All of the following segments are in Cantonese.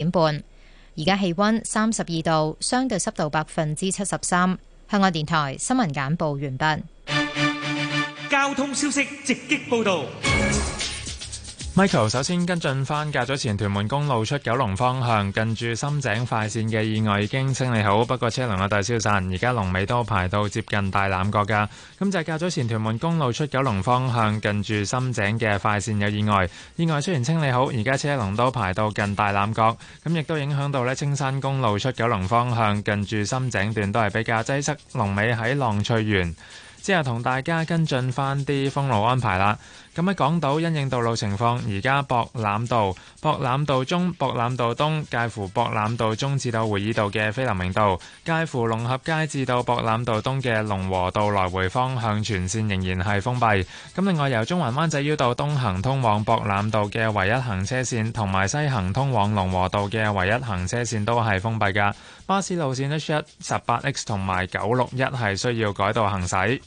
點半，而家氣溫三十二度，相對濕度百分之七十三。香港電台新聞簡報完畢。交通消息直擊報導。Michael 首先跟進返較早前屯門公路出九龍方向近住深井快線嘅意外已經清理好，不過車龍有待消散，而家龍尾都排到接近大欖角㗎。咁就較早前屯門公路出九龍方向近住深井嘅快線有意外，意外雖然清理好，而家車龍都排到近大欖角，咁亦都影響到呢青山公路出九龍方向近住深井段都係比較擠塞，龍尾喺浪翠園。之後同大家跟進翻啲封路安排啦。咁喺港島，因應道路情況，而家博覽道、博覽道中、博覽道東，介乎博覽道中至到會議道嘅菲林明道，介乎龍合街至到博覽道東嘅龍和道來回方向全線仍然係封閉。咁另外，由中環灣仔繞道東行通往博覽道嘅唯一行車線，同埋西行通往龍和道嘅唯一行車線都係封閉噶。巴士路線 H 一十八 X 同埋九六一係需要改道行駛。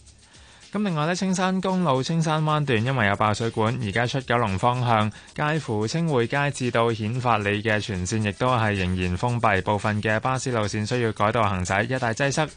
咁另外呢，青山公路青山灣段因為有爆水管，而家出九龍方向，介乎清匯街至到顯發里嘅全線亦都係仍然封閉，部分嘅巴士路線需要改道行駛，一帶擠塞。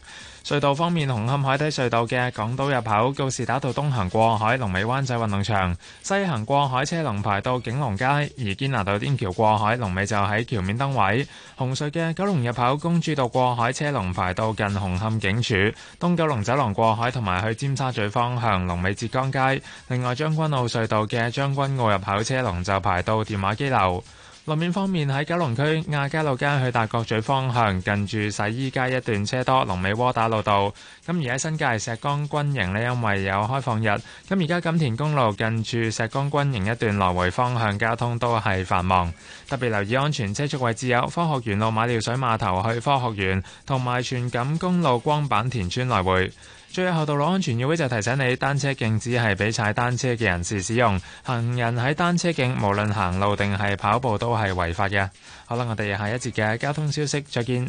隧道方面，紅磡海底隧道嘅港島入口告士打道東行過海，龍尾灣仔運動場；西行過海車龍排到景隆街，而堅拿道天橋過海龍尾就喺橋面燈位。紅隧嘅九龍入口公主道過海車龍排到近紅磡警署，東九龍走廊過海同埋去尖沙咀方向龍尾浙江街。另外，將軍澳隧道嘅將軍澳入口車龍就排到電話機樓。路面方面，喺九龍區亞皆老街去大角咀方向，近住洗衣街一段車多，龍尾窩打老道。咁而喺新界石崗軍營呢，因為有開放日，咁而家錦田公路近住石崗軍營一段來回方向交通都係繁忙，特別留意安全。車速位置有科學園路馬料水碼頭去科學園，同埋全錦公路光板田村來回。最後道路安全議會就提醒你，單車徑只係俾踩單車嘅人士使用，行人喺單車徑無論行路定係跑步都係違法嘅。好啦，我哋下一節嘅交通消息再見。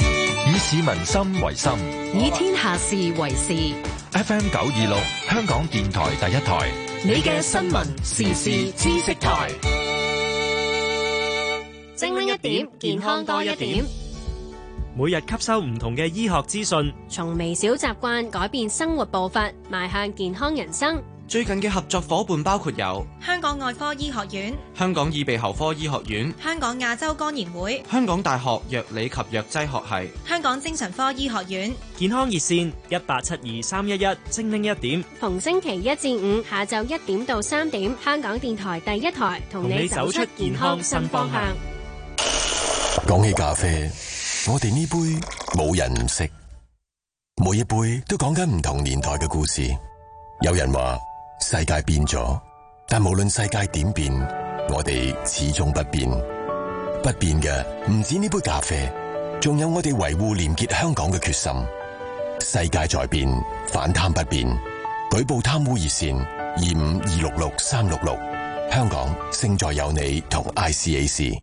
以市民心為心，以天下事為事。FM 九二六，FM926，香港電台第一台，你嘅新聞時事知識台，精明一點，健康多一點。每日吸收唔同嘅醫學資訊，從微小習慣改變生活步伐，邁向健康人生。最近嘅合作伙伴包括有香港外科醫學院、香港耳鼻喉科醫學院、香港亞洲肝炎會、香港大學藥理及藥劑學係、香港精神科醫學院。健康熱線一八七二三一一，311, 精靈一點。逢星期一至五下晝一點到三點，香港電台第一台同你走出健康新方向。講起咖啡。我哋呢杯冇人唔識，每一杯都講緊唔同年代嘅故事。有人話世界變咗，但無論世界點變，我哋始終不變。不變嘅唔止呢杯咖啡，仲有我哋維護廉潔香港嘅決心。世界在變，反貪不變。舉報貪污熱線二五二六六三六六，香港勝在有你同 ICAC。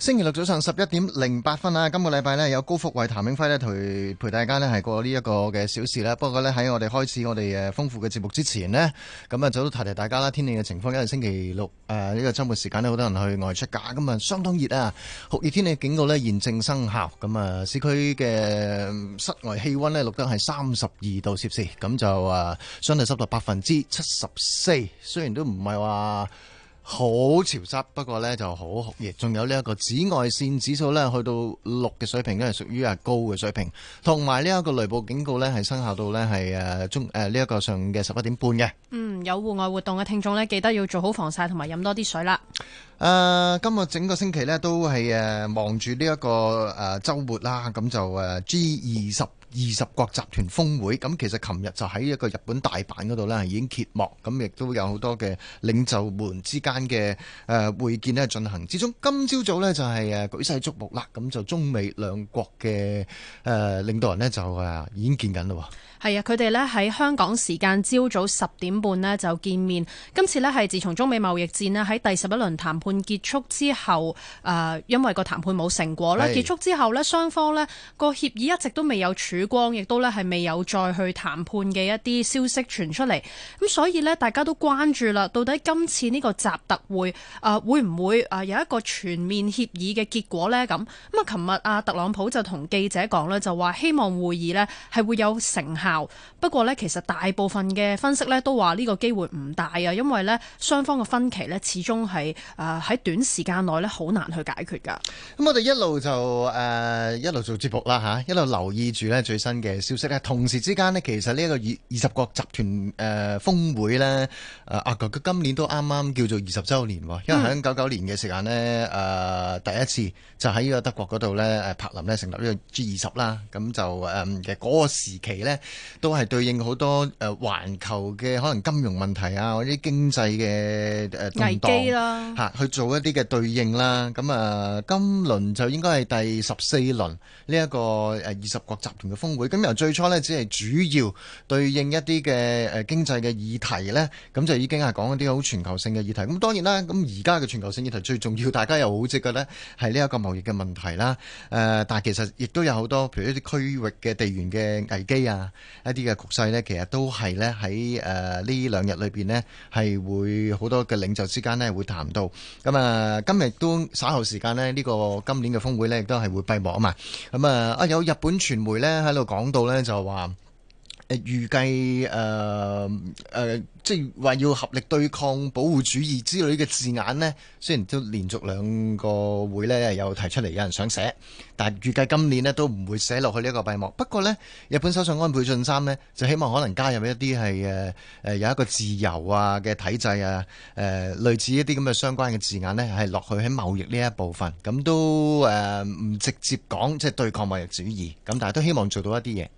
星期六早上十一點零八分啊！今個禮拜咧有高福慧、譚永輝咧同佢陪大家咧係過呢一個嘅小時啦。不過咧喺我哋開始我哋嘅豐富嘅節目之前咧，咁啊，首先提提大家啦，天氣嘅情況，因為星期六誒呢個周末時間咧，好多人去外出假，咁啊相當熱啊！酷熱天氣警告咧現正生效，咁啊，市區嘅室外氣溫咧錄得係三十二度攝氏，咁就啊相對濕度百分之七十四，雖然都唔係話。好潮濕，不過呢就好酷熱，仲有呢一個紫外線指數呢去到六嘅水平，都係屬於高嘅水平，同埋呢一個雷暴警告呢係生效到呢係誒中誒呢一個上午嘅十一點半嘅。嗯，有戶外活動嘅聽眾呢記得要做好防曬同埋飲多啲水啦。誒、呃，今日整個星期呢都係望住呢一個誒、呃、周末啦，咁就誒 G 二十，呃 G20 二十國集團峰會咁，其實琴日就喺一個日本大阪嗰度呢已經揭幕，咁亦都有好多嘅領袖們之間嘅誒會見咧進行之中。今朝早呢，就係誒舉世矚目啦，咁就中美兩國嘅誒領導人呢，就誒已經見緊啦喎。係啊，佢哋呢喺香港時間朝早十點半呢就見面。今次呢，係自從中美貿易戰咧喺第十一輪談判結束之後，誒因為個談判冇成果啦，結束之後呢，雙方呢個協議一直都未有處理。曙光亦都咧係未有再去談判嘅一啲消息傳出嚟，咁所以咧大家都關注啦，到底今次呢個習特會啊、呃、會唔會啊有一個全面協議嘅結果咧？咁咁啊，琴日啊特朗普就同記者講咧，就話希望會議咧係會有成效，不過咧其實大部分嘅分析咧都話呢個機會唔大啊，因為咧雙方嘅分歧咧始終係誒喺短時間內咧好難去解決噶。咁我哋一路就誒、呃、一路做節目啦吓，一路留意住咧。最新嘅消息咧，同時之間咧，其實呢個二二十國集團誒峰會咧，誒阿佢今年都啱啱叫做二十周年，因為響九九年嘅時間咧，誒、呃、第一次就喺呢個德國度咧，誒、呃、柏林咧成立呢個 G20，那、呃那個、時期呢個 G 二十啦，咁就誒其實嗰個時期咧，都係對應好多誒環球嘅可能金融問題啊，或者經濟嘅誒動盪吓去做一啲嘅對應啦。咁啊，今輪就應該係第十四輪呢一個誒二十國集團嘅。峰會咁由最初呢，只係主要對應一啲嘅誒經濟嘅議題呢。咁就已經係講一啲好全球性嘅議題。咁當然啦，咁而家嘅全球性議題最重要，大家又好知嘅呢係呢一個貿易嘅問題啦。但係其實亦都有好多，譬如一啲區域嘅地緣嘅危機啊，一啲嘅局勢呢，其實都係呢喺呢兩日裏面呢，係會好多嘅領袖之間呢會談到。咁啊，今日都稍後時間呢，呢個今年嘅峰會呢，亦都係會閉幕啊嘛。咁啊，啊有日本傳媒呢。喺度講到咧，就話，預計、呃呃、即係話要合力對抗保護主義之類嘅字眼呢，雖然都連續兩個會呢有提出嚟，有人想寫，但係預計今年呢都唔會寫落去呢一個閉幕。不過呢，日本首相安倍晉三呢，就希望可能加入一啲係、呃、有一個自由啊嘅體制啊誒、呃、類似一啲咁嘅相關嘅字眼呢，係落去喺貿易呢一部分。咁都誒唔、呃、直接講即係對抗貿易主義。咁但係都希望做到一啲嘢。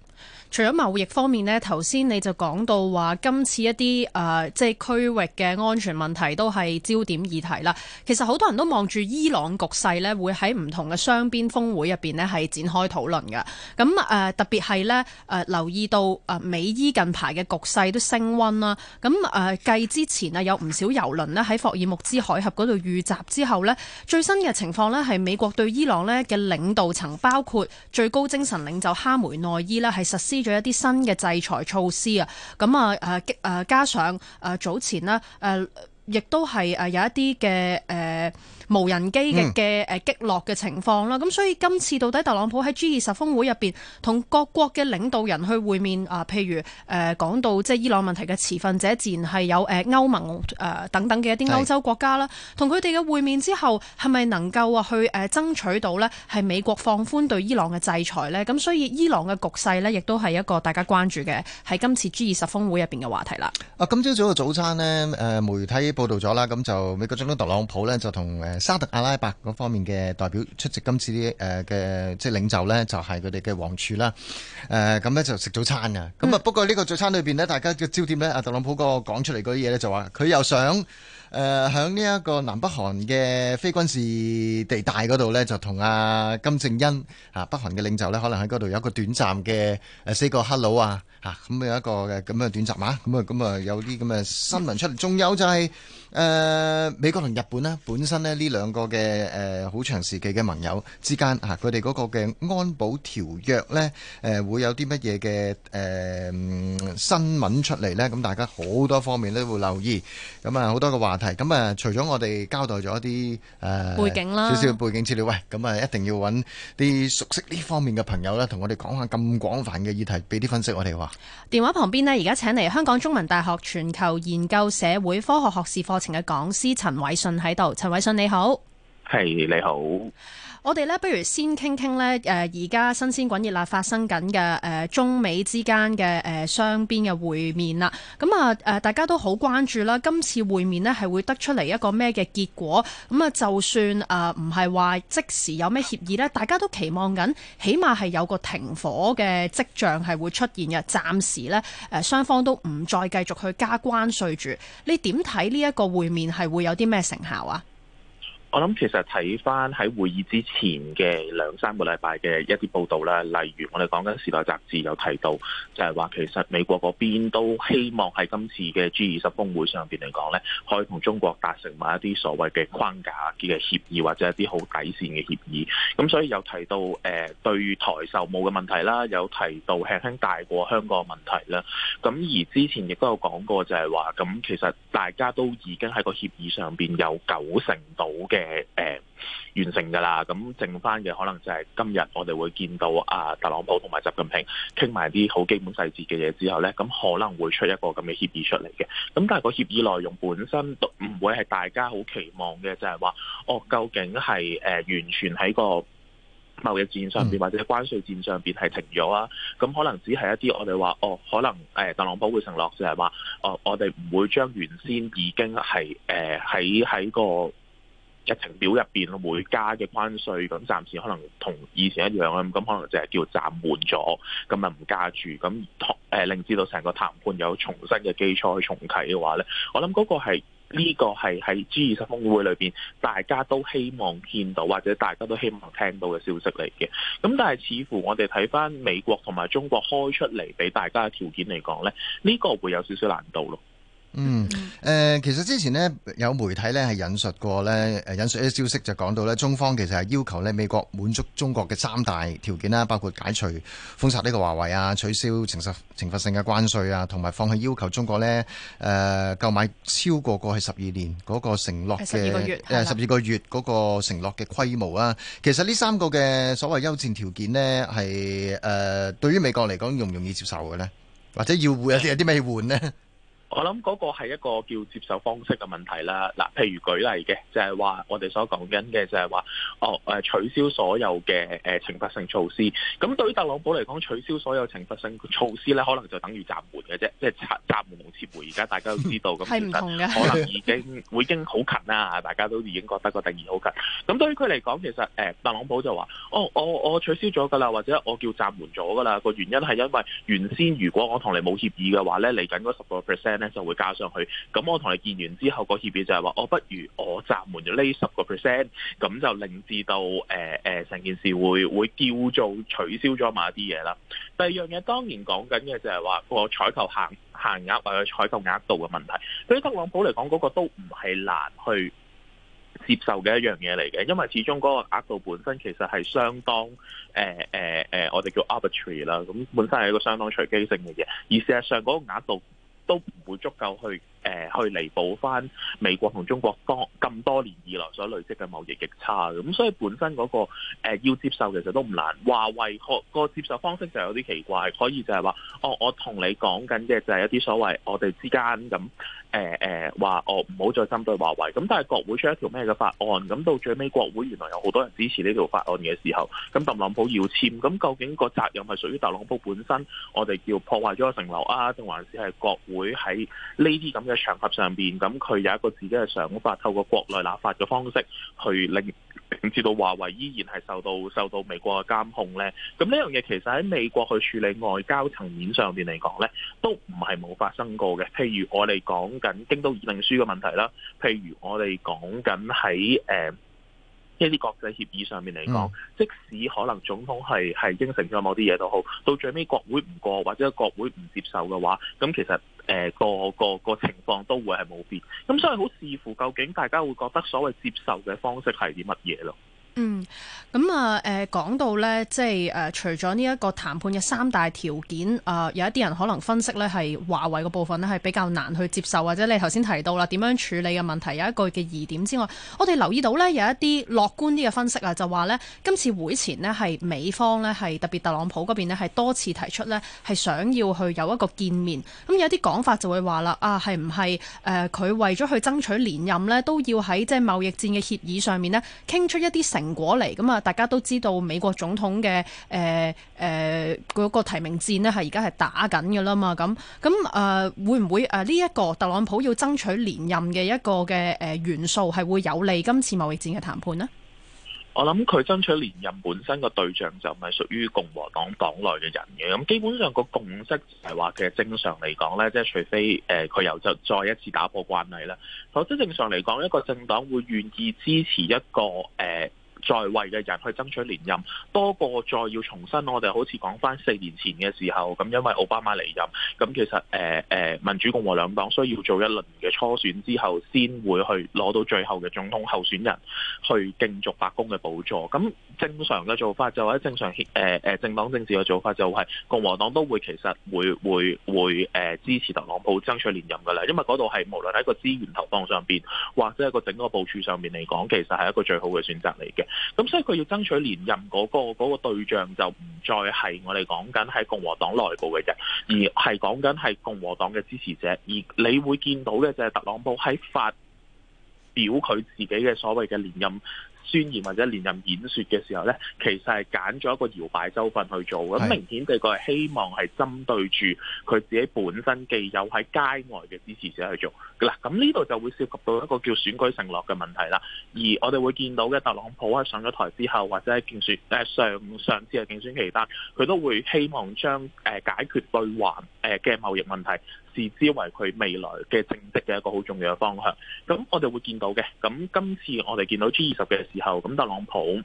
除咗貿易方面呢，頭先你就講到話今次一啲、呃、即係區域嘅安全問題都係焦點議題啦。其實好多人都望住伊朗局勢呢會喺唔同嘅雙邊峰會入面呢係展開討論嘅。咁、嗯、誒、呃、特別係呢，誒、呃、留意到誒美伊近排嘅局勢都升溫啦。咁誒繼之前啊，有唔少油輪呢喺霍爾木茲海峽嗰度遇襲之後呢最新嘅情況呢係美國對伊朗呢嘅領導層包括最高精神領袖哈梅內伊呢，係實施咗一啲新嘅制裁措施啊，咁啊誒激誒加上誒早前啦，誒、呃、亦都係誒有一啲嘅誒。呃無人機嘅嘅誒擊落嘅情況啦，咁、嗯、所以今次到底特朗普喺 G 二十峰會入邊同各國嘅領導人去會面啊，譬如誒講到即係伊朗問題嘅持份者，自然係有誒歐盟誒等等嘅一啲歐洲國家啦，同佢哋嘅會面之後，係咪能夠啊去誒爭取到呢？係美國放寬對伊朗嘅制裁呢？咁所以伊朗嘅局勢呢，亦都係一個大家關注嘅喺今次 G 二十峰會入邊嘅話題啦。啊，今朝早嘅早餐呢，誒媒體報道咗啦，咁就美國總統特朗普呢，就同誒。沙特阿拉伯嗰方面嘅代表出席今次啲誒嘅即係領袖呢，就係佢哋嘅王儲啦。誒咁呢就食早餐㗎。咁啊不過呢個早餐裏面呢，大家嘅焦點呢，阿特朗普個講出嚟嗰啲嘢呢，就話佢又想誒響呢一個南北韓嘅非軍事地帶嗰度呢，就同阿、啊、金正恩北韓嘅領袖呢，可能喺嗰度有一個短暫嘅四個 hello 啊嚇。咁有一個咁嘅短暫啊。咁啊咁啊有啲咁嘅新聞出嚟，仲有就係、是。誒、呃、美國同日本咧，本身呢，呢兩個嘅誒好長時期嘅盟友之間啊，佢哋嗰個嘅安保條約呢，誒、呃、會有啲乜嘢嘅誒新聞出嚟呢？咁大家好多方面都會留意，咁啊好多個話題。咁、嗯、啊除咗我哋交代咗啲誒，背景啦，少少背景資料。喂，咁啊一定要揾啲熟悉呢方面嘅朋友呢，同我哋講下咁廣泛嘅議題，俾啲分析我哋話。電話旁邊呢，而家請嚟香港中文大學全球研究社會科學學士課情嘅講師陳偉信喺度，陳偉信你好，係、hey, 你好。我哋咧，不如先傾傾咧，誒而家新鮮滾熱辣發生緊嘅誒中美之間嘅誒雙邊嘅會面啦。咁、嗯、啊、呃、大家都好關注啦。今次會面呢，係會得出嚟一個咩嘅結果？咁、嗯、啊，就算誒唔係話即時有咩協議呢，大家都期望緊，起碼係有個停火嘅跡象係會出現嘅。暫時呢，誒、呃、雙方都唔再繼續去加關稅住。你點睇呢一個會面係會有啲咩成效啊？我諗其實睇翻喺會議之前嘅兩三個禮拜嘅一啲報道啦，例如我哋講緊《時代雜誌》有提到，就係話其實美國嗰邊都希望喺今次嘅 G 二十峰會上面嚟講呢，可以同中國達成埋一啲所謂嘅框架嘅協議，或者一啲好底線嘅協議。咁所以有提到誒對台售武嘅問題啦，有提到輕輕大過香港問題啦。咁而之前亦都有講過就，就係話咁其實大家都已經喺個協議上面有九成度嘅。誒、呃、誒，完成噶啦。咁剩翻嘅可能就係今日，我哋會見到阿、啊、特朗普同埋習近平傾埋啲好基本細節嘅嘢之後咧，咁可能會出一個咁嘅協議出嚟嘅。咁但係個協議內容本身都唔會係大家好期望嘅，就係、是、話哦，究竟係誒、呃、完全喺個貿易戰上邊或者關稅戰上邊係停咗啊？咁、嗯嗯、可能只係一啲我哋話哦，可能誒、呃、特朗普會承諾就係、是、話哦，我哋唔會將原先已經係誒喺喺個。日程表入邊會加嘅關稅咁，暫時可能同以前一樣啊，咁可能就係叫暫緩咗，咁啊唔加住，咁同誒令至到成個談判有重新嘅基礎去重啟嘅話咧，我諗嗰個係呢個係喺 G 二十峰會裏邊大家都希望見到或者大家都希望聽到嘅消息嚟嘅，咁但係似乎我哋睇翻美國同埋中國開出嚟俾大家嘅條件嚟講咧，呢個會有少少難度咯。嗯，誒，其實之前呢有媒體呢係引述過呢，誒引述一啲消息就講到呢，中方其實係要求咧美國滿足中國嘅三大條件啦，包括解除封殺呢個華為啊，取消懲罰懲罰性嘅關稅啊，同埋放棄要求中國呢誒購買超過過去十二年嗰個承諾嘅，誒十二個月，誒十二個月嗰個承諾嘅規模啊。其實呢三個嘅所謂優戰條件呢係誒對於美國嚟講容唔容易接受嘅呢？或者要換有啲有啲未換呢 我諗嗰個係一個叫接受方式嘅問題啦。嗱，譬如舉例嘅，就係話我哋所講緊嘅就係話，哦取消所有嘅誒懲罰性措施。咁對於特朗普嚟講，取消所有懲罰性措施咧，可能就等於暫緩嘅啫，即係拆暫緩同撤回。而家大家都知道咁，其實可能已經會已經好近啦。大家都已經覺得個定義好近。咁對於佢嚟講，其實誒特朗普就話，哦我我取消咗㗎啦，或者我叫暫緩咗㗎啦。個原因係因為原先如果我同你冇協議嘅話咧，嚟緊嗰十個 percent。就會加上去，咁我同你見完之後，個協議就係話，我不如我暫緩咗呢十個 percent，咁就令至到誒誒成件事會會叫做取消咗某一啲嘢啦。第二樣嘢當然講緊嘅就係話個採購限額限額或者採購額度嘅問題，對於特朗普嚟講嗰個都唔係難去接受嘅一樣嘢嚟嘅，因為始終嗰個額度本身其實係相當誒誒誒，我哋叫 arbitrary 啦，咁本身係一個相當隨機性嘅嘢，而事實上嗰個額度。都唔會足夠去。誒去彌補翻美國同中國咁多年以來所累積嘅貿易逆差，咁所以本身嗰個要接受其實都唔難。華為個個接受方式就有啲奇怪，可以就係話，哦，我同你講緊嘅就係一啲所謂我哋之間咁誒誒話，嗯、我唔好再針對華為。咁但係國會出一條咩嘅法案，咁到最尾國會原來有好多人支持呢條法案嘅時候，咁特朗普要簽，咁究竟個責任係屬於特朗普本身，我哋叫破壞咗個城樓啊，定還是係國會喺呢啲咁嘅？嘅場合上邊，咁佢有一個自己嘅想法，透過國內立法嘅方式去令，令至到華為依然係受到受到美國嘅監控呢。咁呢樣嘢其實喺美國去處理外交層面上邊嚟講呢，都唔係冇發生過嘅。譬如我哋講緊京都議定書嘅問題啦，譬如我哋講緊喺誒喺啲國際協議上面嚟講，即使可能總統係係應承咗某啲嘢都好，到最尾國會唔過或者國會唔接受嘅話，咁其實誒、呃、個個個情況都會係冇變。咁所以好視乎究竟大家會覺得所謂接受嘅方式係啲乜嘢咯。嗯，咁啊，誒、呃，講到咧，即係誒、呃，除咗呢一個談判嘅三大條件，啊、呃，有一啲人可能分析咧，係華為嘅部分咧係比較難去接受，或者你頭先提到啦，點樣處理嘅問題有一個嘅疑點之外，我哋留意到咧有一啲樂觀啲嘅分析啊，就話咧今次會前咧係美方咧係特別特朗普嗰邊咧係多次提出咧係想要去有一個見面，咁有啲講法就會話啦，啊，係唔係誒佢為咗去爭取連任咧都要喺即係貿易戰嘅協議上面咧傾出一啲成。果嚟，大家都知道美國總統嘅誒誒嗰個提名戰咧，係而家係打緊噶啦嘛。咁咁誒，會唔會誒呢一個特朗普要爭取連任嘅一個嘅誒元素，係會有利今次貿易戰嘅談判呢？我諗佢爭取連任本身個對象就唔係屬於共和黨黨內嘅人嘅。咁基本上個共識係話，其實正常嚟講呢，即係除非誒佢又就再一次打破慣例啦。否則正常嚟講，一個政黨會願意支持一個誒。呃在位嘅人去爭取連任，多過再要重新。我哋好似講翻四年前嘅時候，咁因為奧巴馬離任，咁其實誒誒民主共和兩黨需要做一輪嘅初選之後先會去攞到最後嘅總統候選人去競逐白宮嘅寶座。咁正常嘅做法就或者正常誒誒政黨政治嘅做法就係共和黨都會其實會會會誒支持特朗普爭取連任㗎啦，因為嗰度係無論喺個資源投放上邊或者係個整個部署上面嚟講其實係一個最好嘅選擇嚟嘅。咁所以佢要爭取連任嗰個嗰個對象就唔再係我哋講緊喺共和黨內部嘅啫，而係講緊係共和黨嘅支持者，而你會見到嘅就係特朗普喺發表佢自己嘅所謂嘅連任宣言或者連任演說嘅時候呢，其實係揀咗一個搖擺州份去做的，咁明顯地佢係希望係針對住佢自己本身既有喺街外嘅支持者去做嘅啦。咁呢度就會涉及到一個叫選舉承諾嘅問題啦。而我哋會見到嘅特朗普喺上咗台之後或者喺競選誒上上次嘅競選期間，佢都會希望將誒解決對華誒嘅貿易問題。自知為佢未來嘅政績嘅一個好重要嘅方向，咁我哋會見到嘅，咁今次我哋見到 G 二十嘅時候，咁特朗普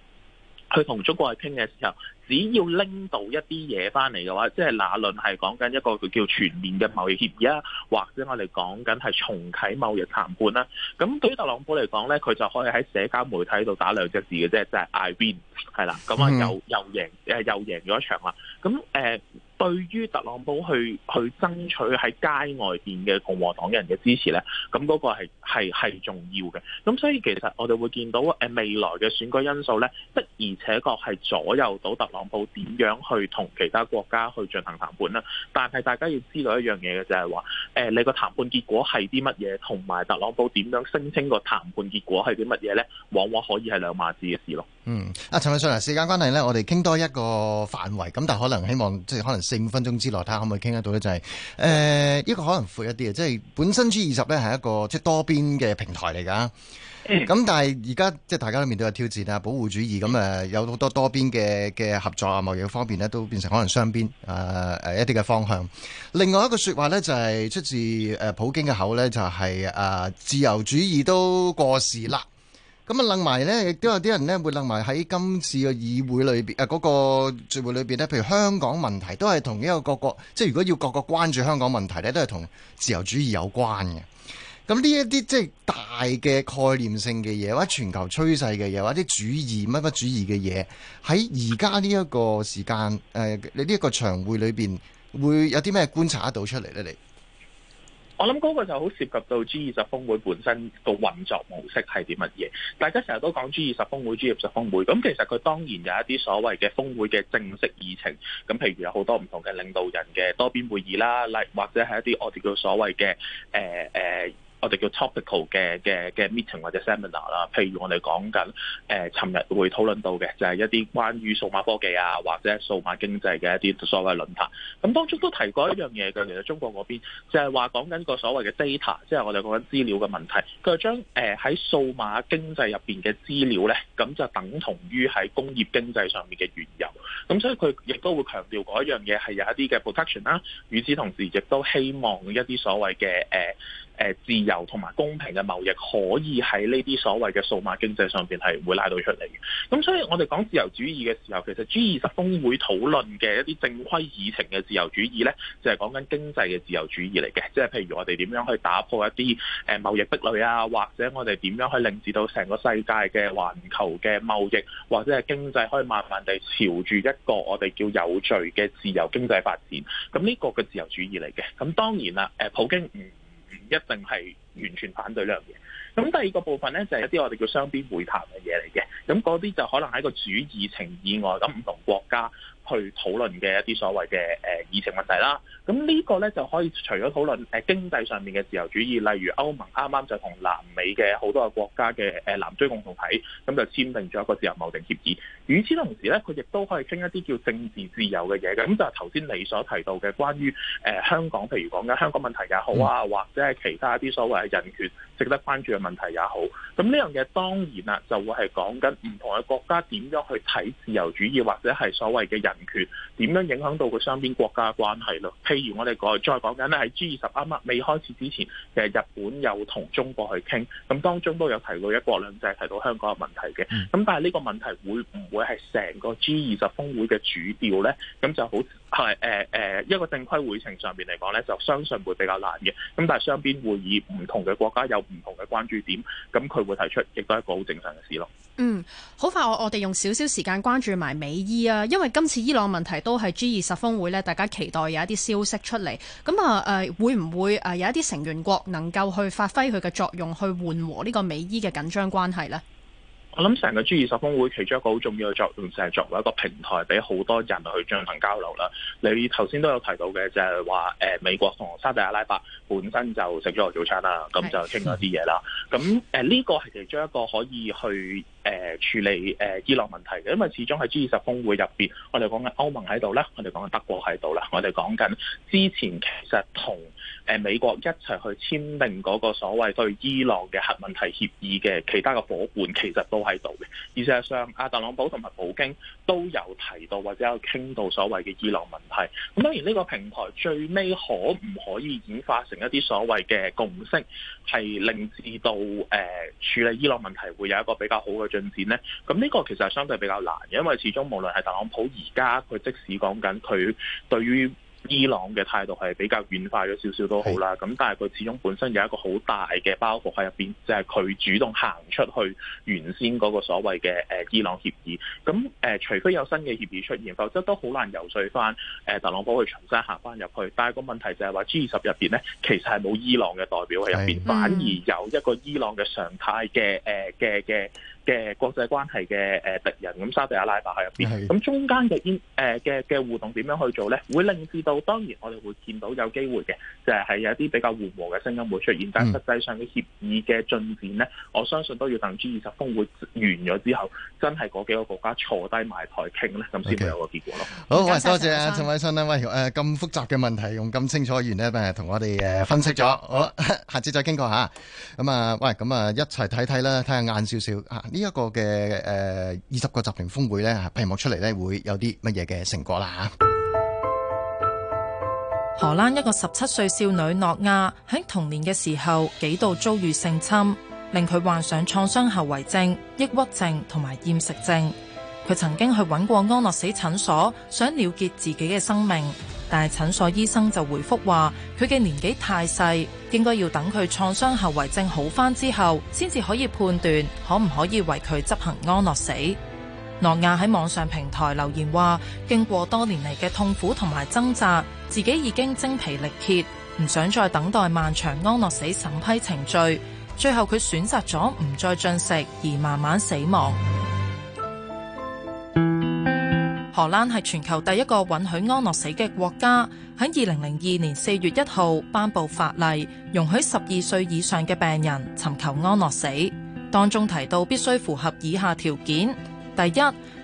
佢同中國去傾嘅時候，只要拎到一啲嘢翻嚟嘅話，即係哪論係講緊一個佢叫全面嘅貿易協議啊，或者我哋講緊係重啟貿易談判啦，咁對於特朗普嚟講呢，佢就可以喺社交媒體度打兩隻字嘅啫，即、就、係、是、I win，係啦，咁啊又、嗯、又贏又贏咗一場啦，咁誒。呃對於特朗普去去爭取喺街外邊嘅共和黨人嘅支持呢，咁嗰個係重要嘅。咁所以其實我哋會見到未來嘅選舉因素呢，的而且確係左右到特朗普點樣去同其他國家去進行談判啦。但係大家要知道一樣嘢嘅就係話，呃，你個談判結果係啲乜嘢，同埋特朗普點樣聲稱個談判結果係啲乜嘢呢，往往可以係兩碼子嘅事咯。嗯，啊，陳偉信時間關係呢，我哋傾多一個範圍，咁但係可能希望即係可能四五分鐘之內，睇下可唔可以傾得到呢？就係、是、誒、呃、一個可能闊一啲嘅，即係本身 G 二十呢係一個即係多邊嘅平台嚟噶，咁但係而家即係大家都面對嘅挑戰啊，保護主義咁有好多多邊嘅嘅合作啊，貿易方面呢都變成可能雙邊誒、呃呃、一啲嘅方向。另外一個說話呢，就係、是、出自、呃、普京嘅口呢，就係、是、誒、呃、自由主義都過時啦。咁啊，諗埋呢，亦都有啲人呢，會諗埋喺今次嘅議會裏面，誒、那、嗰個聚會裏面呢，譬如香港問題都係同一個各國，即係如果要各國關注香港問題呢，都係同自由主義有關嘅。咁呢一啲即係大嘅概念性嘅嘢，或者全球趨勢嘅嘢，或者啲主義乜乜主義嘅嘢，喺而家呢一個時間，誒你呢一個場會裏面，會有啲咩觀察得到出嚟呢？你？我諗嗰個就好涉及到 G 二十峰會本身個運作模式係啲乜嘢？大家成日都講 G 二十峰會、G 二十峰會，咁其實佢當然有一啲所謂嘅峰會嘅正式議程，咁譬如有好多唔同嘅領導人嘅多邊會議啦，例或者係一啲我哋叫所謂嘅誒誒我哋叫 topical 嘅嘅嘅 meeting 或者 seminar 啦，譬如我哋講緊誒，尋日會討論到嘅就係一啲關於數碼科技啊或者數碼經濟嘅一啲所謂論壇。咁當中都提過一樣嘢嘅，其實中國嗰邊就係話講緊個所謂嘅 data，即係我哋講緊資料嘅問題。佢將誒喺數碼經濟入面嘅資料咧，咁就等同於喺工業經濟上面嘅原油。咁所以佢亦都會強調過一樣嘢，係有一啲嘅 protection 啦。與此同時，亦都希望一啲所謂嘅誒誒自由同埋公平嘅貿易可以喺呢啲所謂嘅數碼經濟上面係會拉到出嚟嘅。咁所以我哋講自由主義嘅時候，其實 G 二十峰會討論嘅一啲正規議程嘅自由主義呢，就係講緊經濟嘅自由主義嚟嘅。即係譬如我哋點樣去打破一啲誒貿易壁壘啊，或者我哋點樣去令至到成個世界嘅環球嘅貿易或者係經濟可以慢慢地朝住一個我哋叫有序嘅自由經濟發展。咁呢個嘅自由主義嚟嘅。咁當然啦，誒普京唔。一定係完全反對呢樣嘢。咁第二個部分咧，就係、是、一啲我哋叫雙邊會談嘅嘢嚟嘅。咁嗰啲就可能係一個主議程以外，咁唔同國家。去討論嘅一啲所謂嘅誒議程問題啦，咁呢個呢，就可以除咗討論誒經濟上面嘅自由主義，例如歐盟啱啱就同南美嘅好多個國家嘅誒南追共同體咁就簽訂咗一個自由貿易協議。與此同時呢，佢亦都可以傾一啲叫政治自由嘅嘢嘅，咁就係頭先你所提到嘅關於誒香港，譬如講緊香港問題也好啊，或者係其他一啲所謂嘅人權值得關注嘅問題也好，咁呢樣嘢當然啊就會係講緊唔同嘅國家點樣去睇自由主義或者係所謂嘅人。點樣影響到個雙邊國家關係咯？譬如我哋再講緊咧喺 G 二十啱啱未開始之前，誒日本有同中國去傾，咁當中都有提到一國兩制，就是，提到香港嘅問題嘅。咁但係呢個問題會唔會係成個 G 二十峰會嘅主調呢？咁就好。係誒誒，一個正規會程上邊嚟講呢就相信會比較難嘅。咁但係雙邊會議唔同嘅國家有唔同嘅關注點，咁佢會提出亦都係一個好正常嘅思路。嗯，好快我哋用少少時間關注埋美伊啊，因為今次伊朗問題都係 G 二十峰會呢，大家期待有一啲消息出嚟。咁啊誒，會唔會誒有一啲成員國能夠去發揮佢嘅作用，去緩和呢個美伊嘅緊張關係呢？我諗成個 G 二十峰會其中一個好重要嘅作用，就係作為一個平台俾好多人去進行交流啦。你頭先都有提到嘅，就係話誒美國同沙特阿拉伯本身就食咗個早餐啦，咁就傾咗啲嘢啦。咁誒呢個係其中一個可以去誒處理誒伊朗問題嘅，因為始終喺 G 二十峰會入邊，我哋講緊歐盟喺度咧，我哋講緊德國喺度啦，我哋講緊之前其實同誒美國一齊去簽訂嗰個所謂對伊朗嘅核問題協議嘅其他嘅伙伴，其實都喺度嘅。而事實上，阿特朗普同埋普京都有提到或者有傾到所謂嘅伊朗問題。咁當然呢個平台最尾可唔可以演化成一啲所謂嘅共識，係令至到誒處理伊朗問題會有一個比較好嘅。進展呢，咁呢個其實係相對比較難嘅，因為始終無論係特朗普而家佢即使講緊佢對於伊朗嘅態度係比較軟化咗少少都好啦，咁但係佢始終本身有一個好大嘅包袱喺入邊，就係、是、佢主動行出去原先嗰個所謂嘅誒伊朗協議，咁誒除非有新嘅協議出現，否則都好難游説翻誒特朗普去重新行翻入去。但係個問題就係話 G 二十入邊呢，其實係冇伊朗嘅代表喺入邊，反而有一個伊朗嘅常態嘅誒嘅嘅嘅國際關係嘅誒敵人，咁沙地阿拉伯喺入邊，咁中間嘅誒嘅嘅互動點樣去做咧？會令至到當然，我哋會見到有機會嘅，就係、是、係有啲比較緩和嘅聲音會出現，但實際上嘅協議嘅進展咧，嗯、我相信都要等住二十峰會完咗之後，真係嗰幾個國家坐低埋台傾咧，咁先會有個結果咯。Okay. 好，喂，多謝啊，陳偉信咧，喂，誒咁複雜嘅問題用咁清楚言咧，同我哋誒分析咗。好，下次再傾過嚇。咁啊，喂、呃，咁、呃、啊、呃呃、一齊睇睇啦，睇下晏少少嚇。呢一個嘅誒二十國集團峰會咧，揭幕出嚟咧會有啲乜嘢嘅成果啦？吓，荷蘭一個十七歲少女諾亞喺童年嘅時候幾度遭遇性侵，令佢患上創傷後遺症、抑鬱症同埋厭食症。佢曾經去揾過安樂死診所，想了結自己嘅生命。但係診所醫生就回復話，佢嘅年紀太細，應該要等佢創傷後遺症好翻之後，先至可以判斷可唔可以為佢執行安樂死。諾亞喺網上平台留言話，經過多年嚟嘅痛苦同埋掙扎，自己已經精疲力竭，唔想再等待漫長安樂死審批程序，最後佢選擇咗唔再進食而慢慢死亡。荷蘭係全球第一個允許安樂死嘅國家，喺二零零二年四月一號頒布法例，容許十二歲以上嘅病人尋求安樂死。當中提到必須符合以下條件：第一，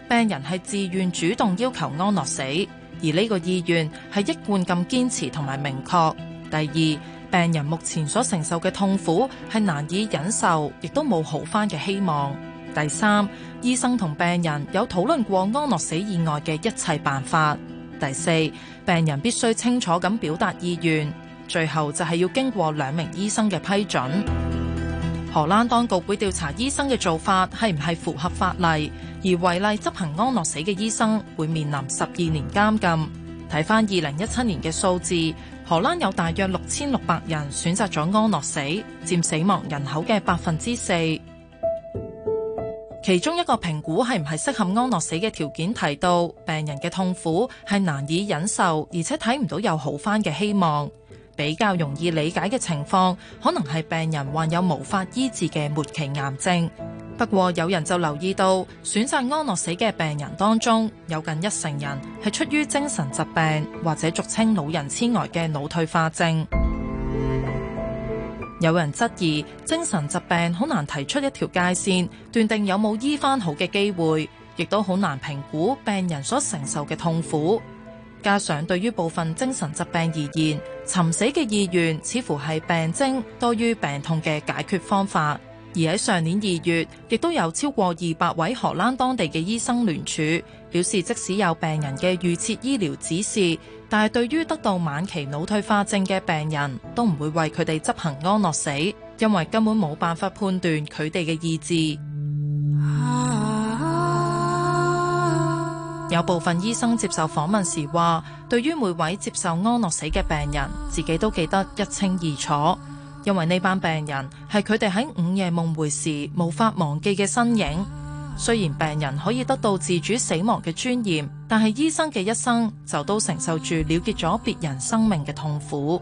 病人係自願主動要求安樂死，而呢個意願係一貫咁堅持同埋明確；第二，病人目前所承受嘅痛苦係難以忍受，亦都冇好返嘅希望。第三，醫生同病人有討論過安樂死以外嘅一切辦法。第四，病人必須清楚咁表達意願。最後就係要經過兩名醫生嘅批准。荷蘭當局會調查醫生嘅做法係唔係符合法例，而違例執行安樂死嘅醫生會面臨十二年監禁。睇返二零一七年嘅數字，荷蘭有大約六千六百人選擇咗安樂死，佔死亡人口嘅百分之四。其中一個評估係唔係適合安樂死嘅條件，提到病人嘅痛苦係難以忍受，而且睇唔到有好翻嘅希望。比較容易理解嘅情況，可能係病人患有無法醫治嘅末期癌症。不過有人就留意到，選擇安樂死嘅病人當中，有近一成人係出於精神疾病，或者俗稱老人痴呆嘅腦退化症。有人質疑精神疾病好難提出一條界線，斷定有冇醫翻好嘅機會，亦都好難評估病人所承受嘅痛苦。加上對於部分精神疾病而言，尋死嘅意願似乎係病徵多於病痛嘅解決方法。而喺上年二月，亦都有超過二百位荷蘭當地嘅醫生聯署。表示即使有病人嘅預設醫療指示，但係對於得到晚期腦退化症嘅病人，都唔會為佢哋執行安樂死，因為根本冇辦法判斷佢哋嘅意志、啊啊。有部分醫生接受訪問時話，對於每位接受安樂死嘅病人，自己都記得一清二楚，因為呢班病人係佢哋喺午夜夢迴時無法忘記嘅身影。雖然病人可以得到自主死亡嘅尊嚴，但係醫生嘅一生就都承受住了結咗別人生命嘅痛苦。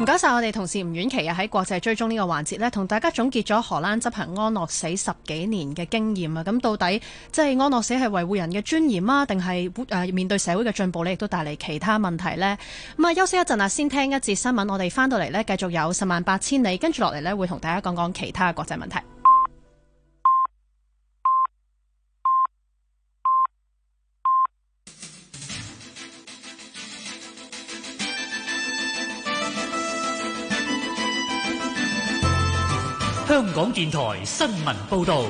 唔該晒我哋同事吳婉琪啊，喺國際追蹤呢個環節呢，同大家總結咗荷蘭執行安樂死十幾年嘅經驗啊。咁到底即係安樂死係維護人嘅尊嚴啊，定係面對社會嘅進步呢？亦都帶嚟其他問題呢？咁啊，休息一陣啊，先聽一節新聞。我哋翻到嚟呢，繼續有十萬八千里，跟住落嚟呢，會同大家講講其他國際問題。香港電台新聞報道，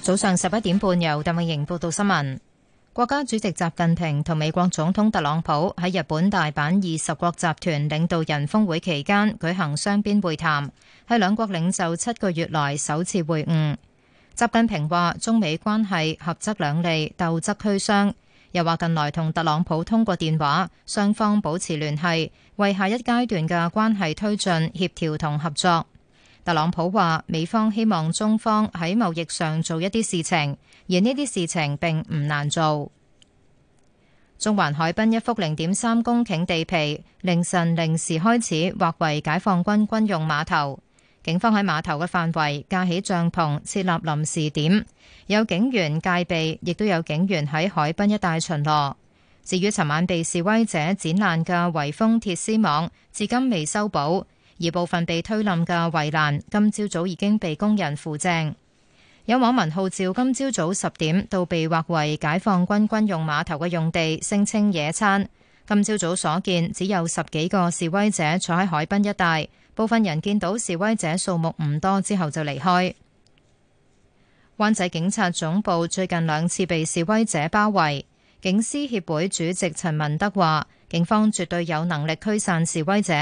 早上十一點半由鄧永瑩報道新聞。國家主席習近平同美國總統特朗普喺日本大阪二十國集團領導人峰會期間舉行雙邊會談，係兩國領袖七個月來首次會晤。習近平話：中美關係合則兩利，鬥則俱傷。又話近來同特朗普通過電話，雙方保持聯繫，為下一階段嘅關係推進協調同合作。特朗普話，美方希望中方喺貿易上做一啲事情，而呢啲事情並唔難做。中環海濱一幅零點三公頃地皮，凌晨零時開始劃為解放軍軍用碼頭。警方喺碼頭嘅範圍架起帳篷設立臨時點，有警員戒備，亦都有警員喺海濱一帶巡邏。至於尋晚被示威者剪爛嘅圍封鐵絲網，至今未修補；而部分被推冧嘅圍欄，今朝早已經被工人扶正。有網民號召今朝早十點到被劃為解放軍軍用碼頭嘅用地，聲稱野餐。今朝早所見只有十幾個示威者坐喺海濱一帶。部分人見到示威者數目唔多之後就離開。灣仔警察總部最近兩次被示威者包圍，警司協會主席陳文德話：警方絕對有能力驅散示威者。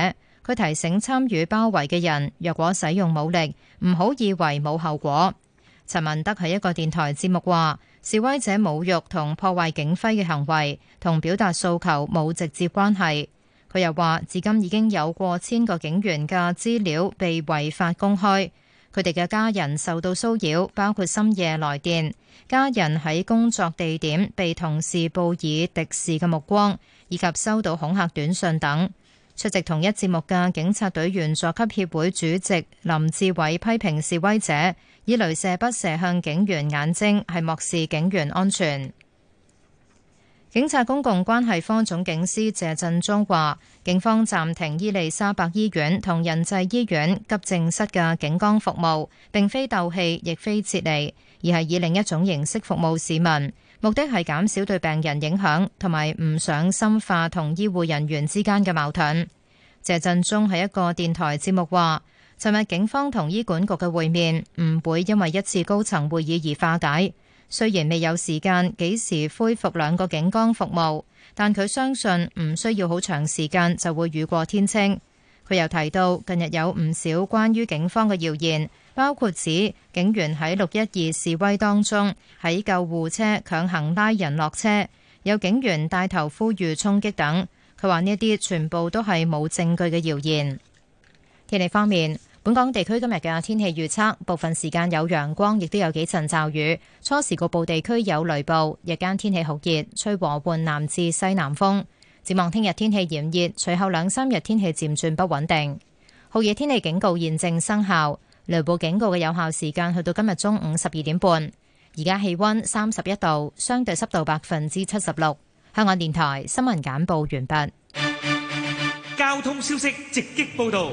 佢提醒參與包圍嘅人，若果使用武力，唔好以為冇後果。陳文德喺一個電台節目話：示威者侮辱同破壞警徽嘅行為，同表達訴求冇直接關係。佢又話：至今已經有過千個警員嘅資料被違法公開，佢哋嘅家人受到騷擾，包括深夜來電，家人喺工作地點被同事報以敵視嘅目光，以及收到恐嚇短信等。出席同一節目嘅警察隊員佐級協會主席林志偉批評示威者以雷射筆射向警員眼睛，係漠視警員安全。警察公共關係科總警司謝振中話，警方暫停伊利沙伯醫院同仁濟醫院急症室嘅警崗服務，並非鬥氣亦非撤離，而係以另一種形式服務市民，目的係減少對病人影響同埋唔想深化同醫護人員之間嘅矛盾。謝振中喺一個電台節目話，尋日警方同醫管局嘅會面唔會因為一次高層會議而化解。雖然未有時間幾時恢復兩個警崗服務，但佢相信唔需要好長時間就會雨過天晴。佢又提到近日有唔少關於警方嘅謠言，包括指警員喺六一二示威當中喺救護車強行拉人落車，有警員帶頭呼籲衝擊等。佢話呢啲全部都係冇證據嘅謠言。天氣方面。本港地區今日嘅天氣預測，部分時間有陽光，亦都有幾陣驟雨。初時局部地區有雷暴，日間天氣好熱，吹和緩南至西南風。展望聽日天氣炎熱，隨後兩三日天氣漸轉不穩定。酷熱天氣警告現正生效，雷暴警告嘅有效時間去到今日中午十二點半。而家氣溫三十一度，相對濕度百分之七十六。香港電台新聞簡報完畢。交通消息直擊報道。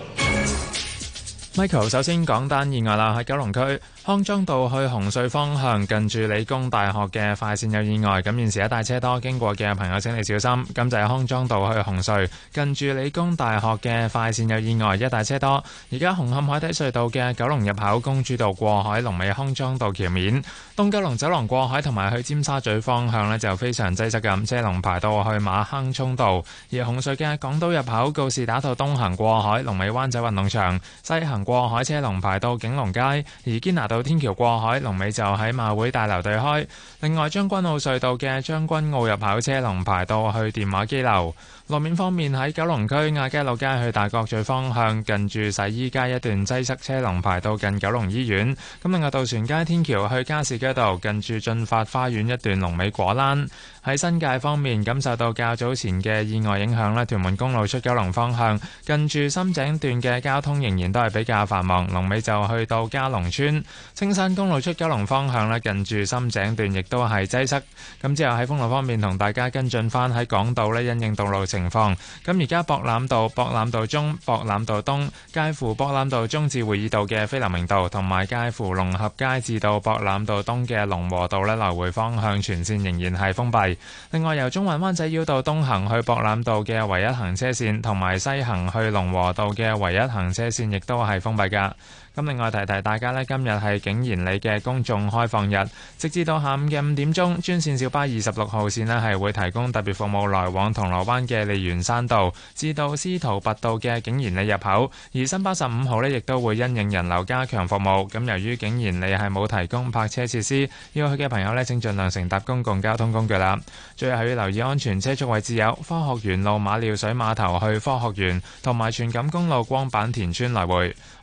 Michael 首先講單意外啦，喺九龍區。康莊道去紅隧方向，近住理工大學嘅快綫有意外，咁現時一帶車多，經過嘅朋友請你小心。咁就係康莊道去紅隧，近住理工大學嘅快綫有意外，一帶車多。而家紅磡海底隧道嘅九龍入口公主道、過海龍尾康莊道橋面，東九龍走廊過海同埋去尖沙咀方向咧就非常擠塞嘅，車龍排到去馬坑涌道。而紅隧嘅港島入口告士打道東行過海龍尾灣仔運動場，西行過海車龍排到景隆街，而堅拿到天橋過海，龍尾就喺馬會大樓對開。另外，將軍澳隧道嘅將軍澳入口車龍排到去電話機樓。路面方面，喺九龍區亞皆老街，路街去大角咀方向，近住洗衣街一段擠塞車，車龍排到近九龍醫院。咁另外渡船街天橋去加士居道，近住駿發花園一段龍尾果欄。喺新界方面，感受到較早前嘅意外影響咧，屯門公路出九龍方向，近住深井段嘅交通仍然都係比較繁忙，龍尾就去到加龍村。青山公路出九龍方向咧，近住深井段亦都係擠塞。咁之後喺封路方面，同大家跟進翻，喺港島咧，因應道路。情況。咁而家博覽道、博覽道中、博覽道東，介乎博覽道中至會議道嘅菲林明道，同埋介乎龍合街至到博覽道東嘅龍和道呢，來回方向全綫仍然係封閉。另外，由中環灣仔繞道東行去博覽道嘅唯一行車綫，同埋西行去龍和道嘅唯一行車綫，亦都係封閉㗎。咁另外提提大家呢，今日係景賢里嘅公眾開放日，直至到下午嘅五點鐘，專線小巴二十六號線呢係會提供特別服務來往銅鑼灣嘅利園山道至到司徒拔道嘅景賢里入口。而新巴十五號咧亦都會因應人流加強服務，咁由於景賢里係冇提供泊車設施，要去嘅朋友咧請盡量乘搭公共交通工具啦。最後要留意安全車速位置，有科學園路馬料水碼頭去科學園同埋荃錦公路光板田村來回。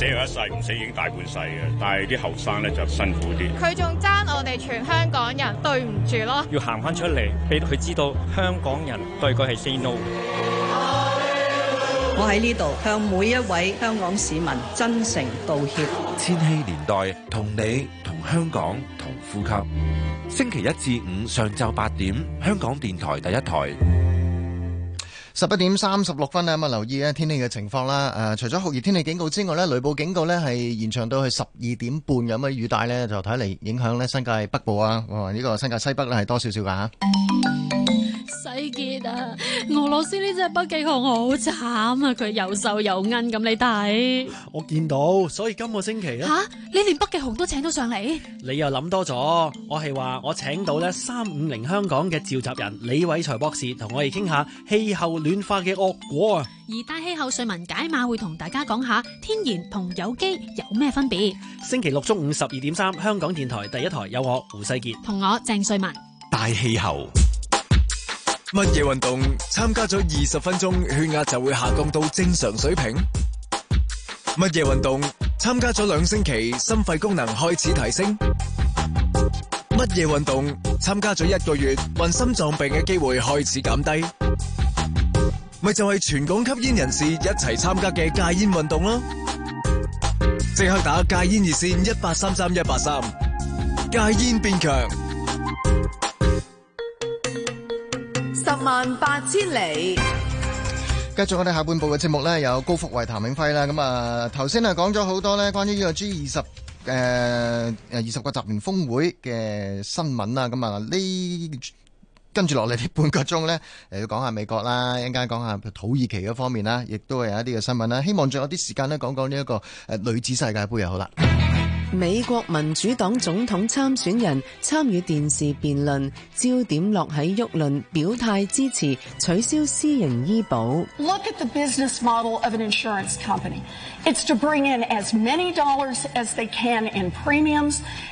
死咗一世，唔死已經大半世嘅，但係啲後生咧就辛苦啲。佢仲爭我哋全香港人對唔住咯，要行翻出嚟俾佢知道香港人對佢係 say no。我喺呢度向每一位香港市民真誠道歉。千禧年代同你同香港同呼吸。星期一至五上晝八點，香港電台第一台。十一點三十六分啊！咁啊，留意咧天氣嘅情況啦。誒，除咗酷熱天氣警告之外咧，雷暴警告咧係延長到去十二點半，咁嘅雨帶咧就睇嚟影響咧新界北部啊，呢、哦這個新界西北咧係多少少噶吓。李傑啊，俄羅斯呢隻北極熊好慘啊，佢又瘦又奀咁，你睇。我見到，所以今個星期咧。吓，你連北極熊都請到上嚟？你又諗多咗。我係話我請到咧三五零香港嘅召集人李偉才博士同我哋傾下氣候暖化嘅惡果啊。而大氣候瑞文解碼會同大家講下天然同有機有咩分別？星期六中午十二點三，香港電台第一台有我胡世傑同我鄭瑞文大氣候。乜嘢運動參加咗二十分鐘，血壓就會下降到正常水平？乜嘢運動參加咗兩星期，心肺功能開始提升？乜嘢運動參加咗一個月，患心臟病嘅機會開始減低？咪就係、是、全港吸煙人士一齊參加嘅戒煙運動咯！即刻打戒煙熱線一八三三一八三，戒煙變強。萬八千里。繼續我哋下半部嘅節目咧，有高福慧、譚永輝啦。咁啊，頭先啊講咗好多咧，關於呢個 G 二十，誒誒，二十個集團峰會嘅新聞啦。咁啊，呢跟住落嚟呢半個鐘咧，誒，要講下美國啦，一陣間講下土耳其嗰方面啦，亦都係有一啲嘅新聞啦。希望仲有啲時間咧，講講呢一個誒女子世界盃又好啦。美國民主黨總統參選人參與電視辯論，焦點落喺沃倫表態支持取消私營醫保。Look at the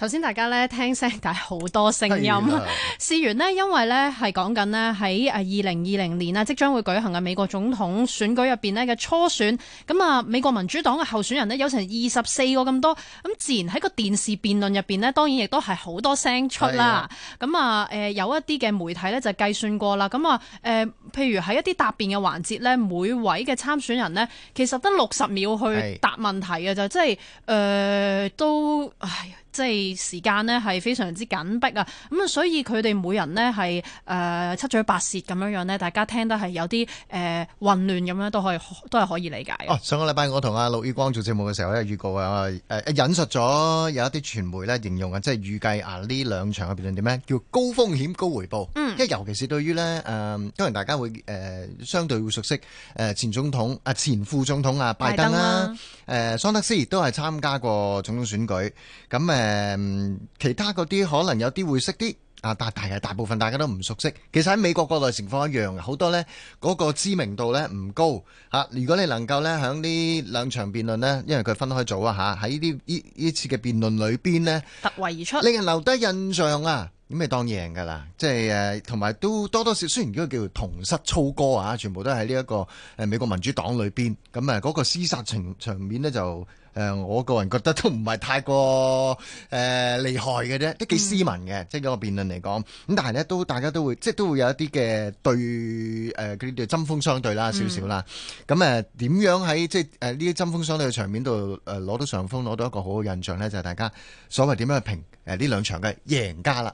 頭先大家咧聽聲，但係好多聲音。聲音事緣呢，因為咧係講緊呢喺誒二零二零年啦，即將會舉行嘅美國總統選舉入邊呢嘅初選咁啊。美國民主黨嘅候選人呢，有成二十四個咁多咁，自然喺個電視辯論入邊呢，當然亦都係好多聲出啦。咁啊、嗯呃、有一啲嘅媒體呢就計算過啦。咁啊誒，譬如喺一啲答辯嘅環節呢，每位嘅參選人呢，其實得六十秒去答問題嘅就即係誒、呃、都唉。即係時間咧係非常之緊迫啊，咁啊所以佢哋每人咧係誒七嘴八舌咁樣樣咧，大家聽得係有啲誒混亂咁樣，都可以都係可以理解哦、啊，上個禮拜我同阿陸宇光做節目嘅時候咧，預告啊誒隱瞞引述咗有一啲傳媒咧形容啊，即係預計啊呢兩場嘅辯論點呢，叫高風險高回報。嗯，即係尤其是對於呢，誒、呃，當然大家會誒、呃、相對會熟悉誒前總統啊前副總統啊拜登啦。誒、呃、桑德斯都係參加過種種選舉，咁誒、呃、其他嗰啲可能有啲會識啲，啊但係大嘅大，大部分大家都唔熟悉。其實喺美國國內情況一樣，好多呢嗰個知名度呢唔高、啊、如果你能夠呢喺呢兩場辯論呢，因為佢分開組啊嚇，喺呢呢呢次嘅辯論裏邊呢，突圍而出，令人留低印象啊！咁咪當贏㗎啦，即係誒同埋都多多少，雖然呢個叫同室操戈啊，全部都喺呢一個美國民主黨裏邊咁啊，嗰、那個廝殺情場面呢，就誒，我個人覺得都唔係太過誒、呃、厲害嘅啫，都幾斯文嘅，嗯、即係個辯論嚟講。咁但係呢，都大家都會即係都會有一啲嘅對誒，佢、呃、哋針鋒相對啦，少少啦。咁誒點樣喺即係呢啲針鋒相對嘅場面度攞到上風，攞到一個好嘅印象呢？就係、是、大家所謂點樣去評誒呢兩場嘅贏家啦。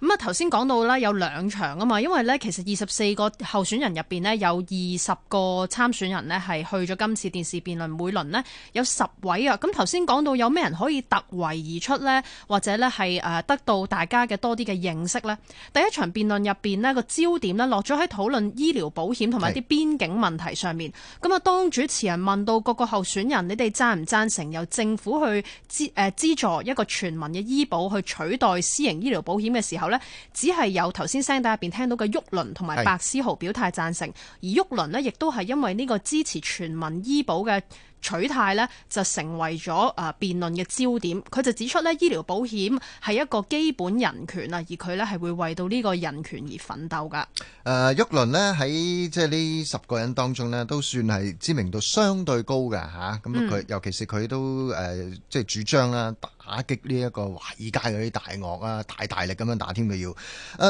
咁啊，頭先講到咧有兩場啊嘛，因為咧其實二十四個候選人入邊咧有二十個參選人咧係去咗今次電視辯論，每輪咧有十位啊。咁頭先講到有咩人可以突圍而出咧，或者咧係誒得到大家嘅多啲嘅認識咧。第一場辯論入邊咧個焦點咧落咗喺討論醫療保險同埋一啲邊境問題上面。咁啊，當主持人問到各個候選人，你哋贊唔贊成由政府去資誒資助一個全民嘅醫保去取代私營醫療保險嘅時候？只係有頭先聲帶入邊聽到嘅沃倫同埋白思豪表態贊成，是而沃倫呢，亦都係因為呢個支持全民醫保嘅取態呢，就成為咗誒辯論嘅焦點。佢就指出呢，醫療保險係一個基本人權啊，而佢呢係會為到呢個人權而奮鬥噶。誒、呃，沃倫呢喺即係呢十個人當中呢，都算係知名度相對高噶吓。咁、嗯、佢尤其是佢都誒即係主張啦。打擊呢一個華爾街嗰啲大鱷啊，大大力咁樣打添佢要。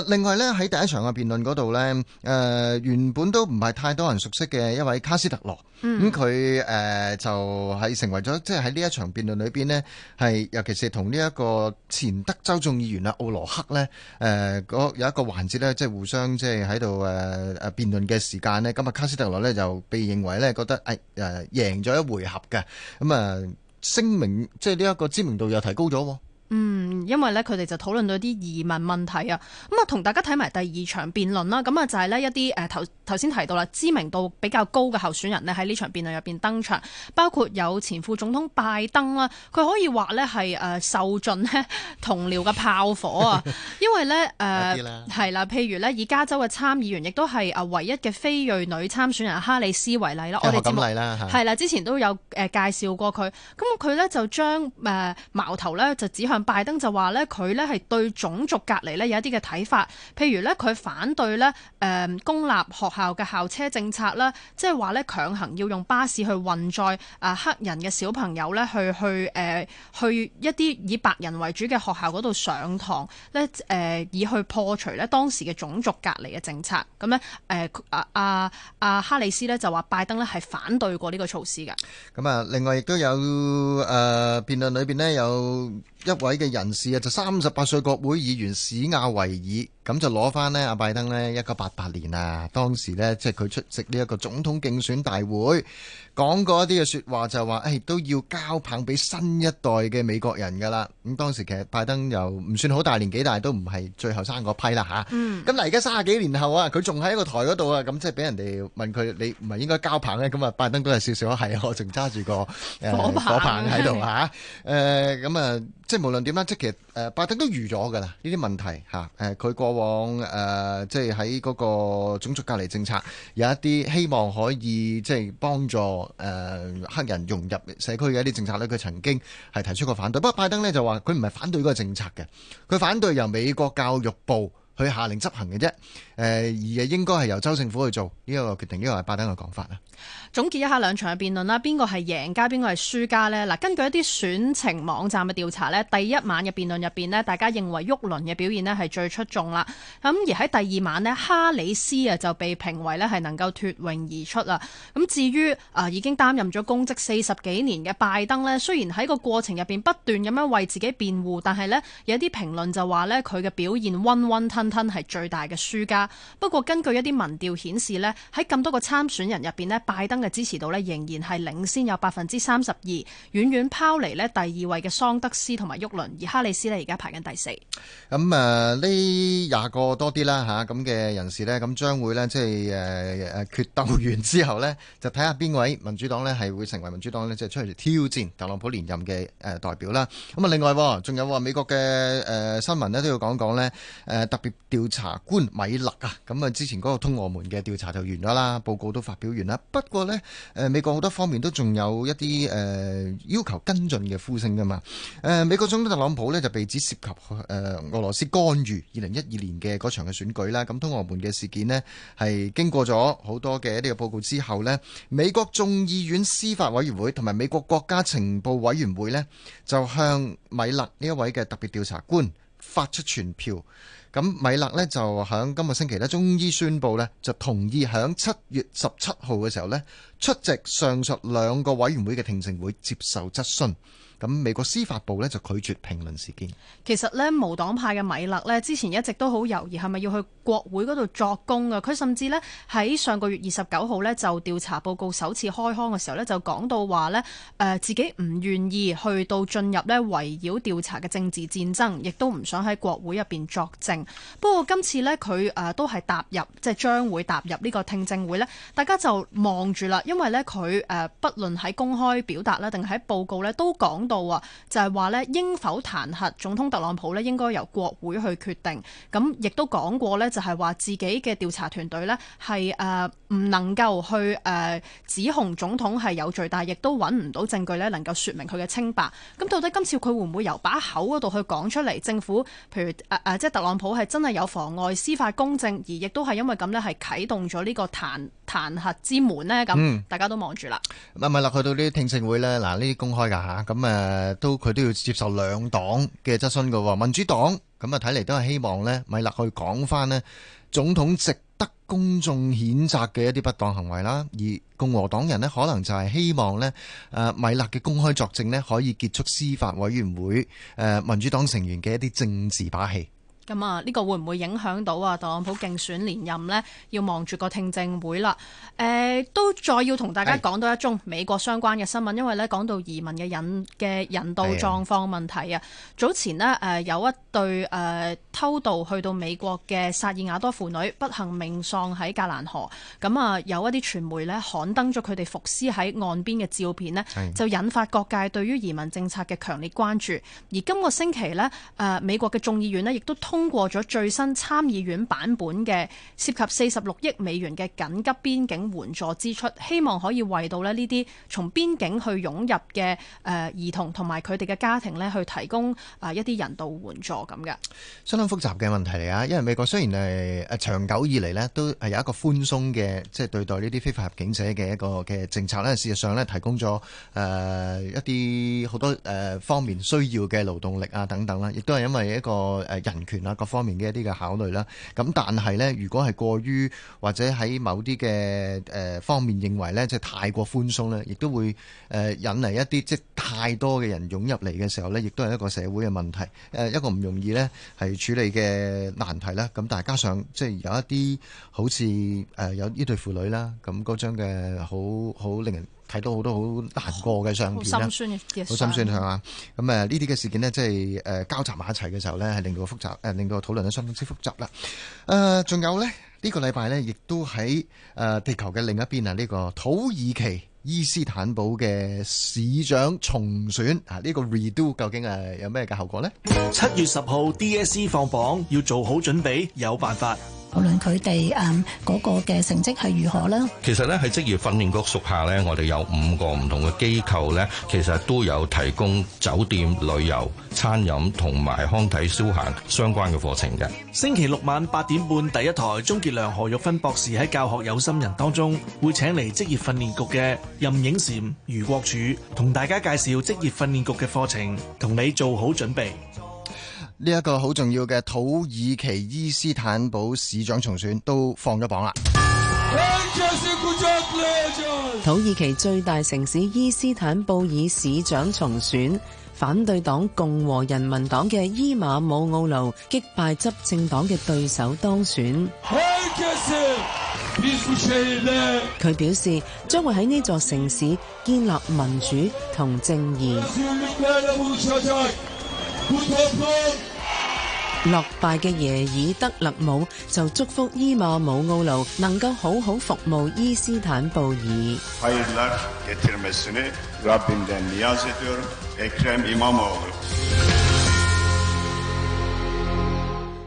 誒另外呢，喺第一場嘅辯論嗰度呢，誒、呃、原本都唔係太多人熟悉嘅一位卡斯特羅，咁佢誒就係成為咗即係喺呢一場辯論裏邊呢，係尤其是同呢一個前德州眾議員啊奧羅克呢，誒、呃、嗰有一個環節呢，即、就、係、是、互相即係喺度誒誒辯論嘅時間呢。咁啊卡斯特羅呢，就被認為呢覺得誒誒、呃、贏咗一回合嘅，咁、嗯、啊。呃聲名，即係呢一個知名度又提高咗。嗯，因為咧，佢哋就討論到啲移民問題啊，咁啊，同大家睇埋第二場辯論啦。咁啊，就係、是、咧一啲誒頭頭先提到啦，知名度比較高嘅候選人咧喺呢場辯論入邊登場，包括有前副總統拜登啦，佢可以話咧係誒受盡咧同僚嘅炮火啊， 因為咧誒係啦，譬如咧以加州嘅參議員亦都係啊唯一嘅非裔女參選人哈里斯為例啦，我哋節目嚟係啦，係啦、啊，之前都有誒介紹過佢，咁佢咧就將誒矛頭咧就指向。拜登就話咧，佢咧係對種族隔離咧有一啲嘅睇法，譬如咧佢反對咧誒公立學校嘅校車政策啦，即係話咧強行要用巴士去運載啊黑人嘅小朋友咧去去誒去一啲以白人為主嘅學校嗰度上堂咧誒，以去破除咧當時嘅種族隔離嘅政策。咁咧誒阿阿阿哈里斯咧就話拜登咧係反對過呢個措施嘅。咁啊，另外亦都有誒辯論裏邊咧有一位。嘅人士啊，就三十八歲國會議員史亞維爾。咁就攞翻呢阿拜登呢一九八八年啊，當時呢，即係佢出席呢一個總統競選大會，講過一啲嘅說話，就話誒都要交棒俾新一代嘅美國人噶啦。咁當時其實拜登又唔算好大年紀，但係都唔係最後生嗰批啦吓，咁、嗯、嗱，而家三十幾年後啊，佢仲喺一個台嗰度啊，咁即係俾人哋問佢，你唔係應該交棒呢？」咁啊，拜登都係少少係，我仲揸住個火棒喺度吓，誒，咁啊，即、嗯、係無論點啦，即係其實拜登都預咗噶啦，呢啲問題佢往、呃、誒，即係喺嗰個種族隔離政策有一啲希望可以即係、就是、幫助誒、呃、黑人融入社區嘅一啲政策呢，佢曾經係提出過反對。不過拜登呢就話佢唔係反對嗰個政策嘅，佢反對由美國教育部。佢下令執行嘅啫，誒而應該係由州政府去做呢個決定，呢個係拜登嘅講法啦。總結一下兩場嘅辯論啦，邊個係贏家，邊個係輸家呢？嗱，根據一啲選情網站嘅調查呢，第一晚嘅辯論入邊呢，大家認為沃倫嘅表現呢係最出眾啦。咁而喺第二晚呢，哈里斯啊就被評為呢係能夠脫穎而出啦。咁至於啊已經擔任咗公職四十幾年嘅拜登呢，雖然喺個過程入邊不斷咁樣為自己辯護，但係呢，有一啲評論就話呢，佢嘅表現溫溫吞。吞，係最大嘅輸家。不過根據一啲民調顯示呢，喺咁多個參選人入邊呢，拜登嘅支持度呢仍然係領先有百分之三十二，遠遠拋離呢第二位嘅桑德斯同埋沃倫，而哈里斯呢而家排緊第四。咁、嗯呃、啊，呢廿個多啲啦吓咁嘅人士呢，咁將會呢，即係誒誒決鬥完之後呢，就睇下邊位民主黨呢係會成為民主黨呢，即、就、係、是、出嚟挑戰特朗普連任嘅誒、呃、代表啦。咁、嗯、啊、嗯，另外仲、啊、有話、啊、美國嘅誒、呃、新聞呢都要講講呢。誒、呃、特別。調查官米勒啊，咁啊，之前嗰個通俄門嘅調查就完咗啦，報告都發表完啦。不過呢，誒，美國好多方面都仲有一啲誒、呃、要求跟進嘅呼聲噶嘛。誒、呃，美國總統特朗普呢，就被指涉及誒、呃、俄羅斯干預二零一二年嘅嗰場嘅選舉啦。咁通俄門嘅事件呢，係經過咗好多嘅一啲嘅報告之後呢，美國眾議院司法委員會同埋美國國家情報委員會呢，就向米勒呢一位嘅特別調查官發出傳票。咁米勒呢就喺今個星期呢，終於宣布呢就同意喺七月十七號嘅時候呢出席上述兩個委員會嘅聽證會，接受質詢。咁美國司法部呢就拒絕評論事件。其實呢，無黨派嘅米勒呢之前一直都好猶豫係咪要去國會嗰度作供㗎。佢甚至呢喺上個月二十九號呢就調查報告首次開腔嘅時候呢，就講到話呢，誒自己唔願意去到進入呢圍繞調查嘅政治戰爭，亦都唔想喺國會入邊作證。不過今次呢，佢誒都係踏入即係將會踏入呢個聽證會呢，大家就望住啦，因為呢，佢誒不論喺公開表達啦，定係喺報告呢都講到啊，就係話呢應否彈劾總統特朗普呢應該由國會去決定。咁亦都講過呢就係話自己嘅調查團隊呢係誒唔能夠去誒指控總統係有罪，但係亦都揾唔到證據呢能夠說明佢嘅清白。咁到底今次佢會唔會由把口嗰度去講出嚟？政府譬如誒誒，即係特朗普係真係有妨礙司法公正，而亦都係因為咁呢係啟動咗呢個彈彈劾之門呢。咁、嗯、大家都望住啦。咪咪落去到呢啲聽證會呢，嗱呢啲公開噶吓咁啊。誒，都佢都要接受兩黨嘅質詢㗎喎，民主黨咁啊，睇嚟都係希望呢，米勒去講翻呢總統值得公眾譴責嘅一啲不當行為啦，而共和黨人呢可能就係希望呢，誒，米勒嘅公開作證呢可以結束司法委員會誒，民主黨成員嘅一啲政治把戲。咁啊，呢個會唔會影響到啊？特朗普競選連任呢，要望住個聽證會啦。誒、呃，都再要同大家講到一宗美國相關嘅新聞，因為呢講到移民嘅引嘅人道狀況問題啊。早前呢，誒、呃、有一對誒、呃、偷渡去到美國嘅薩爾瓦多婦女，不幸命喪喺格蘭河。咁、呃、啊，有一啲傳媒呢刊登咗佢哋伏屍喺岸邊嘅照片呢，就引發各界對於移民政策嘅強烈關注。而今個星期、呃、的呢，誒美國嘅眾議院呢亦都通過咗最新參議院版本嘅涉及四十六億美元嘅緊急邊境援助支出，希望可以為到咧呢啲從邊境去湧入嘅誒兒童同埋佢哋嘅家庭咧，去提供啊一啲人道援助咁嘅。相當複雜嘅問題嚟啊，因為美國雖然係誒長久以嚟咧都係有一個寬鬆嘅即係對待呢啲非法入境者嘅一個嘅政策咧，事實上咧提供咗誒、呃、一啲好多誒方面需要嘅勞動力啊等等啦，亦都係因為一個誒人權。啦，各方面嘅一啲嘅考慮啦，咁但係咧，如果係過於或者喺某啲嘅誒方面認為咧，即係太過寬鬆咧，亦都會誒引嚟一啲即係太多嘅人湧入嚟嘅時候咧，亦都係一個社會嘅問題誒一個唔容易咧係處理嘅難題啦。咁但係加上即係有一啲好似誒有呢對父女啦，咁嗰張，嘅好好令人。睇到好多好難過嘅相片，好心酸好心酸，係嘛？咁誒呢啲嘅事件呢，即係誒、呃、交集埋一齊嘅時候呢，係令到複雜，誒令到討論得相當之複雜啦。誒、啊，仲有呢，呢、這個禮拜呢，亦都喺誒地球嘅另一邊啊，呢、這個土耳其伊斯坦堡嘅市長重選啊，呢、這個 redo 究竟誒有咩嘅後果呢？七月十號 DSE 放榜，要做好準備，有辦法。無論佢哋嗰個嘅成績係如何啦，其實咧喺職業訓練局屬下咧，我哋有五個唔同嘅機構咧，其實都有提供酒店、旅遊、餐飲同埋康體消閒相關嘅課程嘅。星期六晚八點半第一台，鍾杰良、何玉芬博士喺教學有心人當中，會請嚟職業訓練局嘅任影嬋、余國柱同大家介紹職業訓練局嘅課程，同你做好準備。呢、這、一個好重要嘅土耳其伊斯坦堡市長重選都放咗榜啦。土耳其最大城市伊斯坦布爾市長重選，反對黨共和人民黨嘅伊馬姆奧盧擊敗執政黨嘅對手當選。佢表示將會喺呢座城市建立民主同正義。落敗嘅耶爾德勒姆就祝福伊馬姆奧盧能夠好好服務伊斯坦布爾。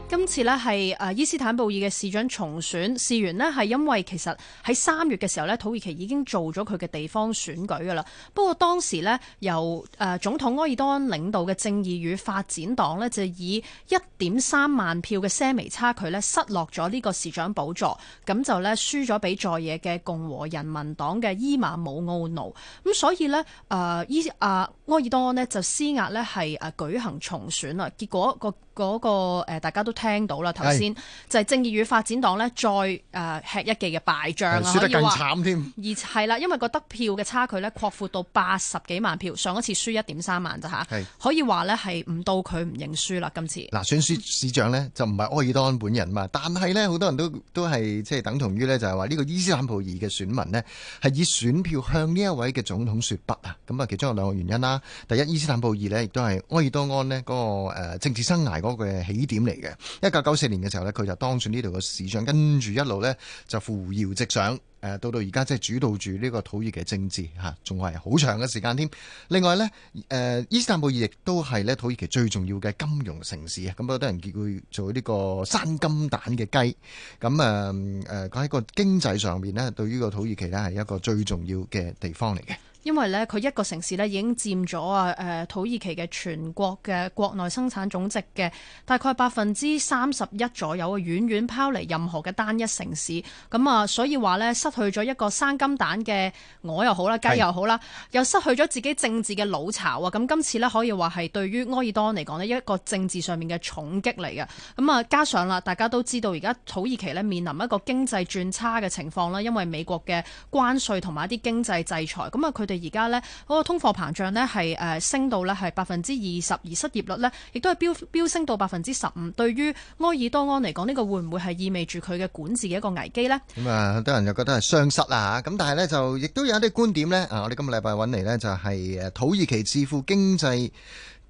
今次呢係誒伊斯坦布爾嘅市長重選，事緣呢係因為其實喺三月嘅時候呢，土耳其已經做咗佢嘅地方選舉㗎喇。不過當時呢，由誒總統埃爾多安領導嘅正義與發展黨呢，就以一點三萬票嘅些微差距呢失落咗呢個市長寶座，咁就呢輸咗俾在野嘅共和人民黨嘅伊馬姆奧奴。咁所以呢，誒伊阿埃爾多安呢就施壓呢係誒舉行重選啦，結果個。嗰、那個、呃、大家都聽到啦。頭先就係、是、正義與發展黨呢，再誒、呃、吃一記嘅敗仗啊，是輸得更慘可以話而係啦，因為個得票嘅差距呢，擴闊到八十幾萬票，上一次輸一點三萬咋吓，可以話呢，係唔到佢唔認輸啦。今次嗱選書市長呢，就唔係埃爾多安本人嘛，但係呢，好多人都都係即係等同於呢，就係話呢個伊斯坦布爾嘅選民呢，係以選票向呢一位嘅總統説不啊。咁啊，其中有兩個原因啦。第一，伊斯坦布爾呢，亦都係埃爾多安呢嗰、那個、呃、政治生涯，嗰、那個起點嚟嘅，一九九四年嘅時候呢佢就當選呢度嘅市長，跟住一路呢就扶搖直上，誒到到而家即係主導住呢個土耳其政治嚇，仲係好長嘅時間添。另外呢，誒伊斯坦布爾亦都係咧土耳其最重要嘅金融城市啊，咁好多人叫佢做呢個生金蛋嘅雞。咁誒誒，喺個經濟上面呢，對於個土耳其呢係一個最重要嘅地方嚟嘅。因為呢佢一個城市呢已經佔咗啊，土耳其嘅全國嘅國內生產總值嘅大概百分之三十一左右啊，遠遠拋離任何嘅單一城市。咁啊，所以話呢，失去咗一個生金蛋嘅鵝，又好啦，雞又好啦，又失去咗自己政治嘅老巢啊。咁今次呢，可以話係對於埃爾多安嚟講呢一個政治上面嘅重擊嚟嘅。咁啊，加上啦，大家都知道而家土耳其呢，面臨一個經濟轉差嘅情況啦，因為美國嘅關稅同埋一啲經濟制裁。咁啊，佢哋。而家呢，呢個通貨膨脹呢，係誒升到呢係百分之二十，而失業率呢亦都係飆飆升到百分之十五。對於埃爾多安嚟講，呢個會唔會係意味住佢嘅管治嘅一個危機呢？咁啊，好多人又覺得係傷失啦。咁但係呢，就亦都有一啲觀點呢。啊，我哋今日禮拜揾嚟呢，就係土耳其智庫經濟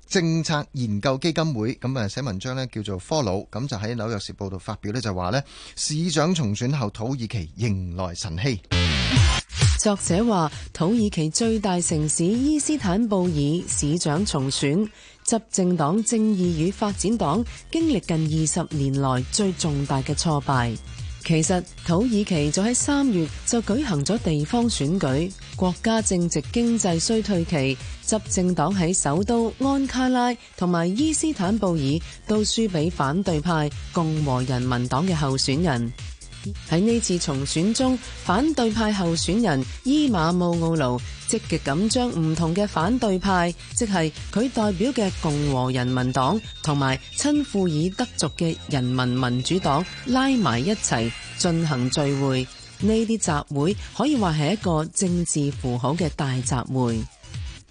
政策研究基金會，咁啊寫文章呢叫做科魯，咁就喺紐約時報度發表呢，就話呢，市長重選後土耳其迎來晨曦。作者話，土耳其最大城市伊斯坦布爾市長重選，執政黨正義與發展黨經歷近二十年來最重大嘅挫敗。其實土耳其就喺三月就舉行咗地方選舉，國家正值經濟衰退期，執政黨喺首都安卡拉同埋伊斯坦布爾都輸俾反對派共和人民黨嘅候選人。喺呢次重選中，反對派候選人伊馬姆奧盧積極咁將唔同嘅反對派，即係佢代表嘅共和人民黨同埋親庫爾德族嘅人民民主黨拉埋一齊進行聚會。呢啲集會可以話係一個政治符號嘅大集會。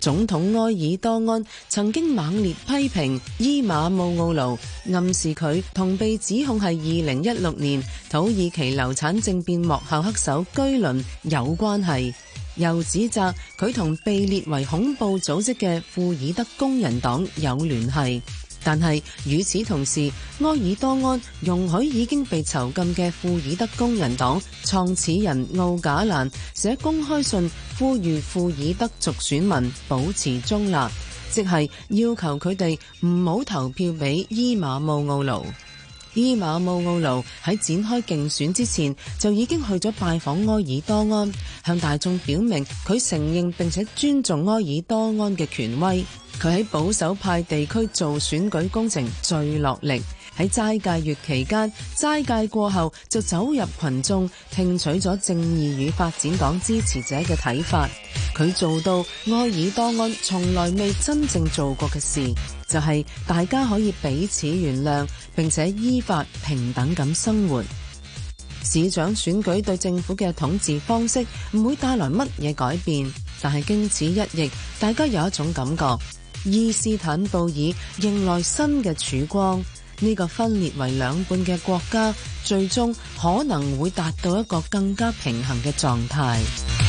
總統埃爾多安曾經猛烈批評伊馬姆奧盧，暗示佢同被指控係二零一六年土耳其流產政變幕後黑手居倫有關係，又指責佢同被列為恐怖組織嘅庫爾德工人黨有聯繫。但係，與此同時，埃爾多安容許已經被囚禁嘅庫爾德工人黨創始人奧賈蘭寫公開信，呼籲庫爾德族選民保持中立，即係要求佢哋唔好投票俾伊馬姆奧盧。伊瑪烏奧盧喺展開競選之前就已經去咗拜訪埃爾多安，向大眾表明佢承認並且尊重埃爾多安嘅權威。佢喺保守派地區做選舉工程最落力，喺齋戒月期間，齋戒過後就走入群眾聽取咗正義與發展黨支持者嘅睇法。佢做到埃爾多安從來未真正做過嘅事。就係、是、大家可以彼此原諒，並且依法平等咁生活。市長選舉對政府嘅統治方式唔會帶來乜嘢改變，但係經此一役，大家有一種感覺：伊斯坦布爾迎來新嘅曙光。呢、這個分裂為兩半嘅國家，最終可能會達到一個更加平衡嘅狀態。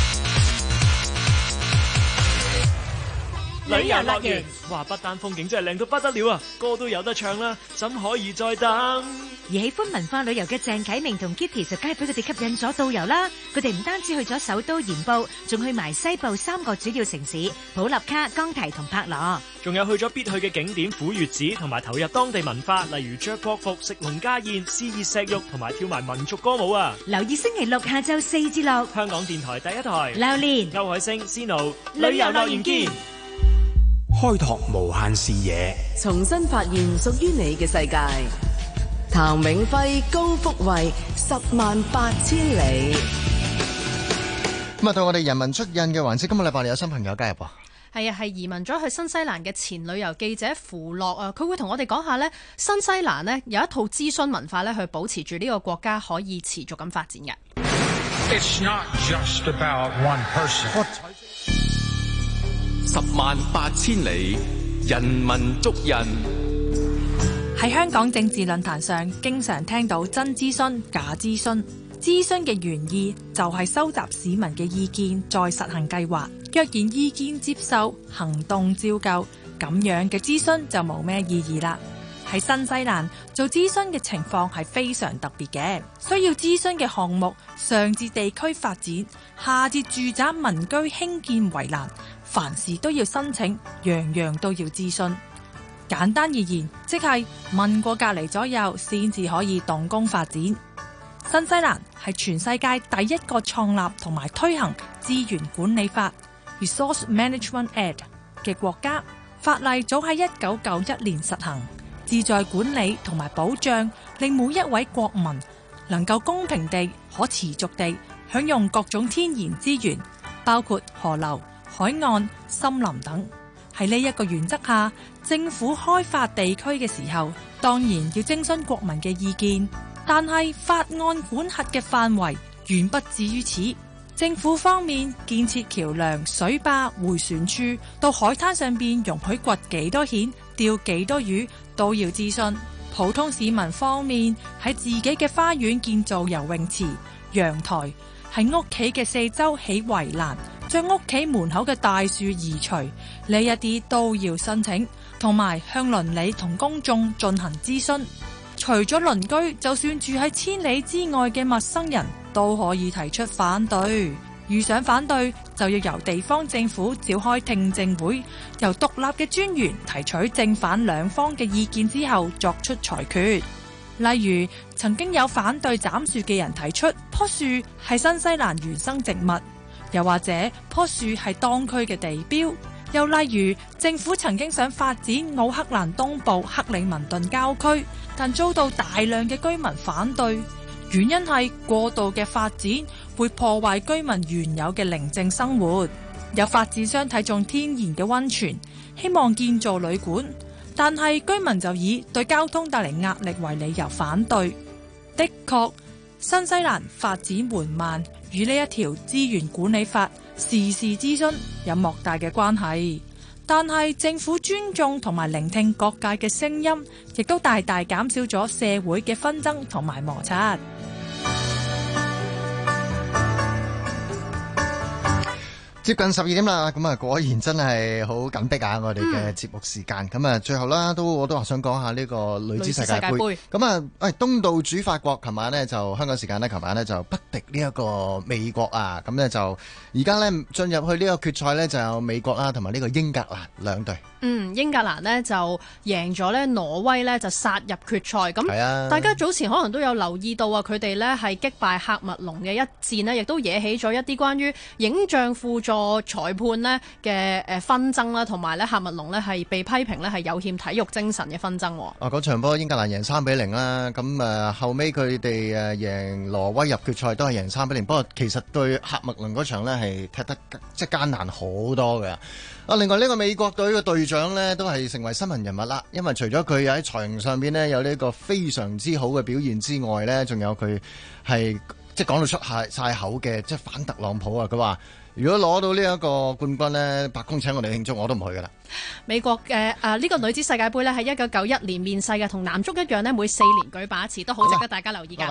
旅遊樂園，哇，不單風景真係靚到不得了啊！歌都有得唱啦，怎可以再等？而喜歡文化旅遊嘅鄭啟明同 Kitty 就梗係俾佢哋吸引咗導遊啦。佢哋唔單止去咗首都鹽步，仲去埋西部三個主要城市普立卡、江堤同柏羅，仲有去咗必去嘅景點虎穴寺，同埋投入當地文化，例如着國服、食農家宴、試熱石浴，同埋跳埋民族歌舞啊！留意星期六下晝四至六，香港電台第一台，劉連、歐海星、Cleo，旅遊樂園見。開拓無限視野，重新發現屬於你嘅世界。譚永輝、高福慧，十萬八千里。咁啊，對我哋人民出印嘅環節，今日禮拜你有新朋友加入。係啊，係移民咗去新西蘭嘅前旅遊記者符樂啊，佢會同我哋講下呢，新西蘭呢有一套資訊文化咧，去保持住呢個國家可以持續咁發展嘅。十萬八千里，人民捉人。喺香港政治論壇上，經常聽到真諮詢、假諮詢。諮詢嘅原意就係收集市民嘅意見，再實行計劃。若然意見接受，行動照舊，咁樣嘅諮詢就冇咩意義啦。喺新西蘭做諮詢嘅情況係非常特別嘅，需要諮詢嘅項目上至地區發展，下至住宅民居興建圍欄，凡事都要申請，樣樣都要諮詢。簡單而言，即係問過隔籬左右，先至可以動工發展。新西蘭係全世界第一個創立同埋推行資源管理法 （Resource Management Act） 嘅國家，法例早喺一九九一年實行。自在管理同埋保障，令每一位國民能夠公平地，可持續地享用各種天然資源，包括河流、海岸、森林等。喺呢一個原則下，政府開發地區嘅時候，當然要徵詢國民嘅意見。但係法案管轄嘅範圍遠不止於此，政府方面建設橋樑、水壩、回旋處到海灘上邊，容許掘幾多蜆？釣幾多魚，都要諮詢。普通市民方面，喺自己嘅花園建造游泳池、陽台，喺屋企嘅四周起圍欄，將屋企門口嘅大樹移除。你一啲都要申請，同埋向鄰里同公眾進行諮詢。除咗鄰居，就算住喺千里之外嘅陌生人都可以提出反對。遇上反對，就要由地方政府召開聽證會，由獨立嘅專員提取正反兩方嘅意見之後作出裁決。例如，曾經有反對斬樹嘅人提出，棵樹係新西蘭原生植物，又或者棵樹係當區嘅地標，又例如，政府曾經想發展奧克蘭東部克里文頓郊區，但遭到大量嘅居民反對。原因係過度嘅發展會破壞居民原有嘅寧靜生活。有發展商睇中天然嘅溫泉，希望建造旅館，但係居民就以對交通帶嚟壓力為理由反對。的確，新西蘭發展緩慢，與呢一條資源管理法時事諮詢有莫大嘅關係。但係政府尊重同埋聆聽各界嘅聲音，亦都大大減少咗社會嘅紛爭同埋摩擦。接近十二點啦，咁啊果然真係好緊迫啊！我哋嘅節目時間，咁、嗯、啊最後啦，都我都話想講下呢個女子世界盃。咁啊，東道主法國，琴晚呢，就香港時間呢，琴晚呢，就不敵呢一個美國啊，咁呢，就而家呢，進入去呢個決賽呢，就有美國啦同埋呢個英格蘭兩隊。嗯，英格蘭呢就贏咗咧，挪威咧就殺入決賽。咁大家早前可能都有留意到啊，佢哋呢係擊敗喀麥隆嘅一戰呢亦都惹起咗一啲關於影像輔助裁判呢嘅誒紛爭啦，同埋咧喀麥隆呢係被批評呢係有欠體育精神嘅紛爭，啊。哦，嗰場波英格蘭贏三比零啦，咁誒後尾，佢哋誒贏挪威入決賽都係贏三比零，不過其實對喀麥隆嗰場呢，係踢得即係艱難好多嘅。啊！另外呢個美國隊嘅隊長呢，都係成為新聞人物啦。因為除咗佢喺場上邊呢，有呢個非常之好嘅表現之外呢，仲有佢係即係講到出下晒口嘅，即係反特朗普啊。佢話如果攞到呢一個冠軍呢，白宮請我哋慶祝，我都唔去噶啦。美國嘅啊呢個女子世界杯呢，係一九九一年面世嘅，同男足一樣呢，每四年舉辦一次，都好值得大家留意噶。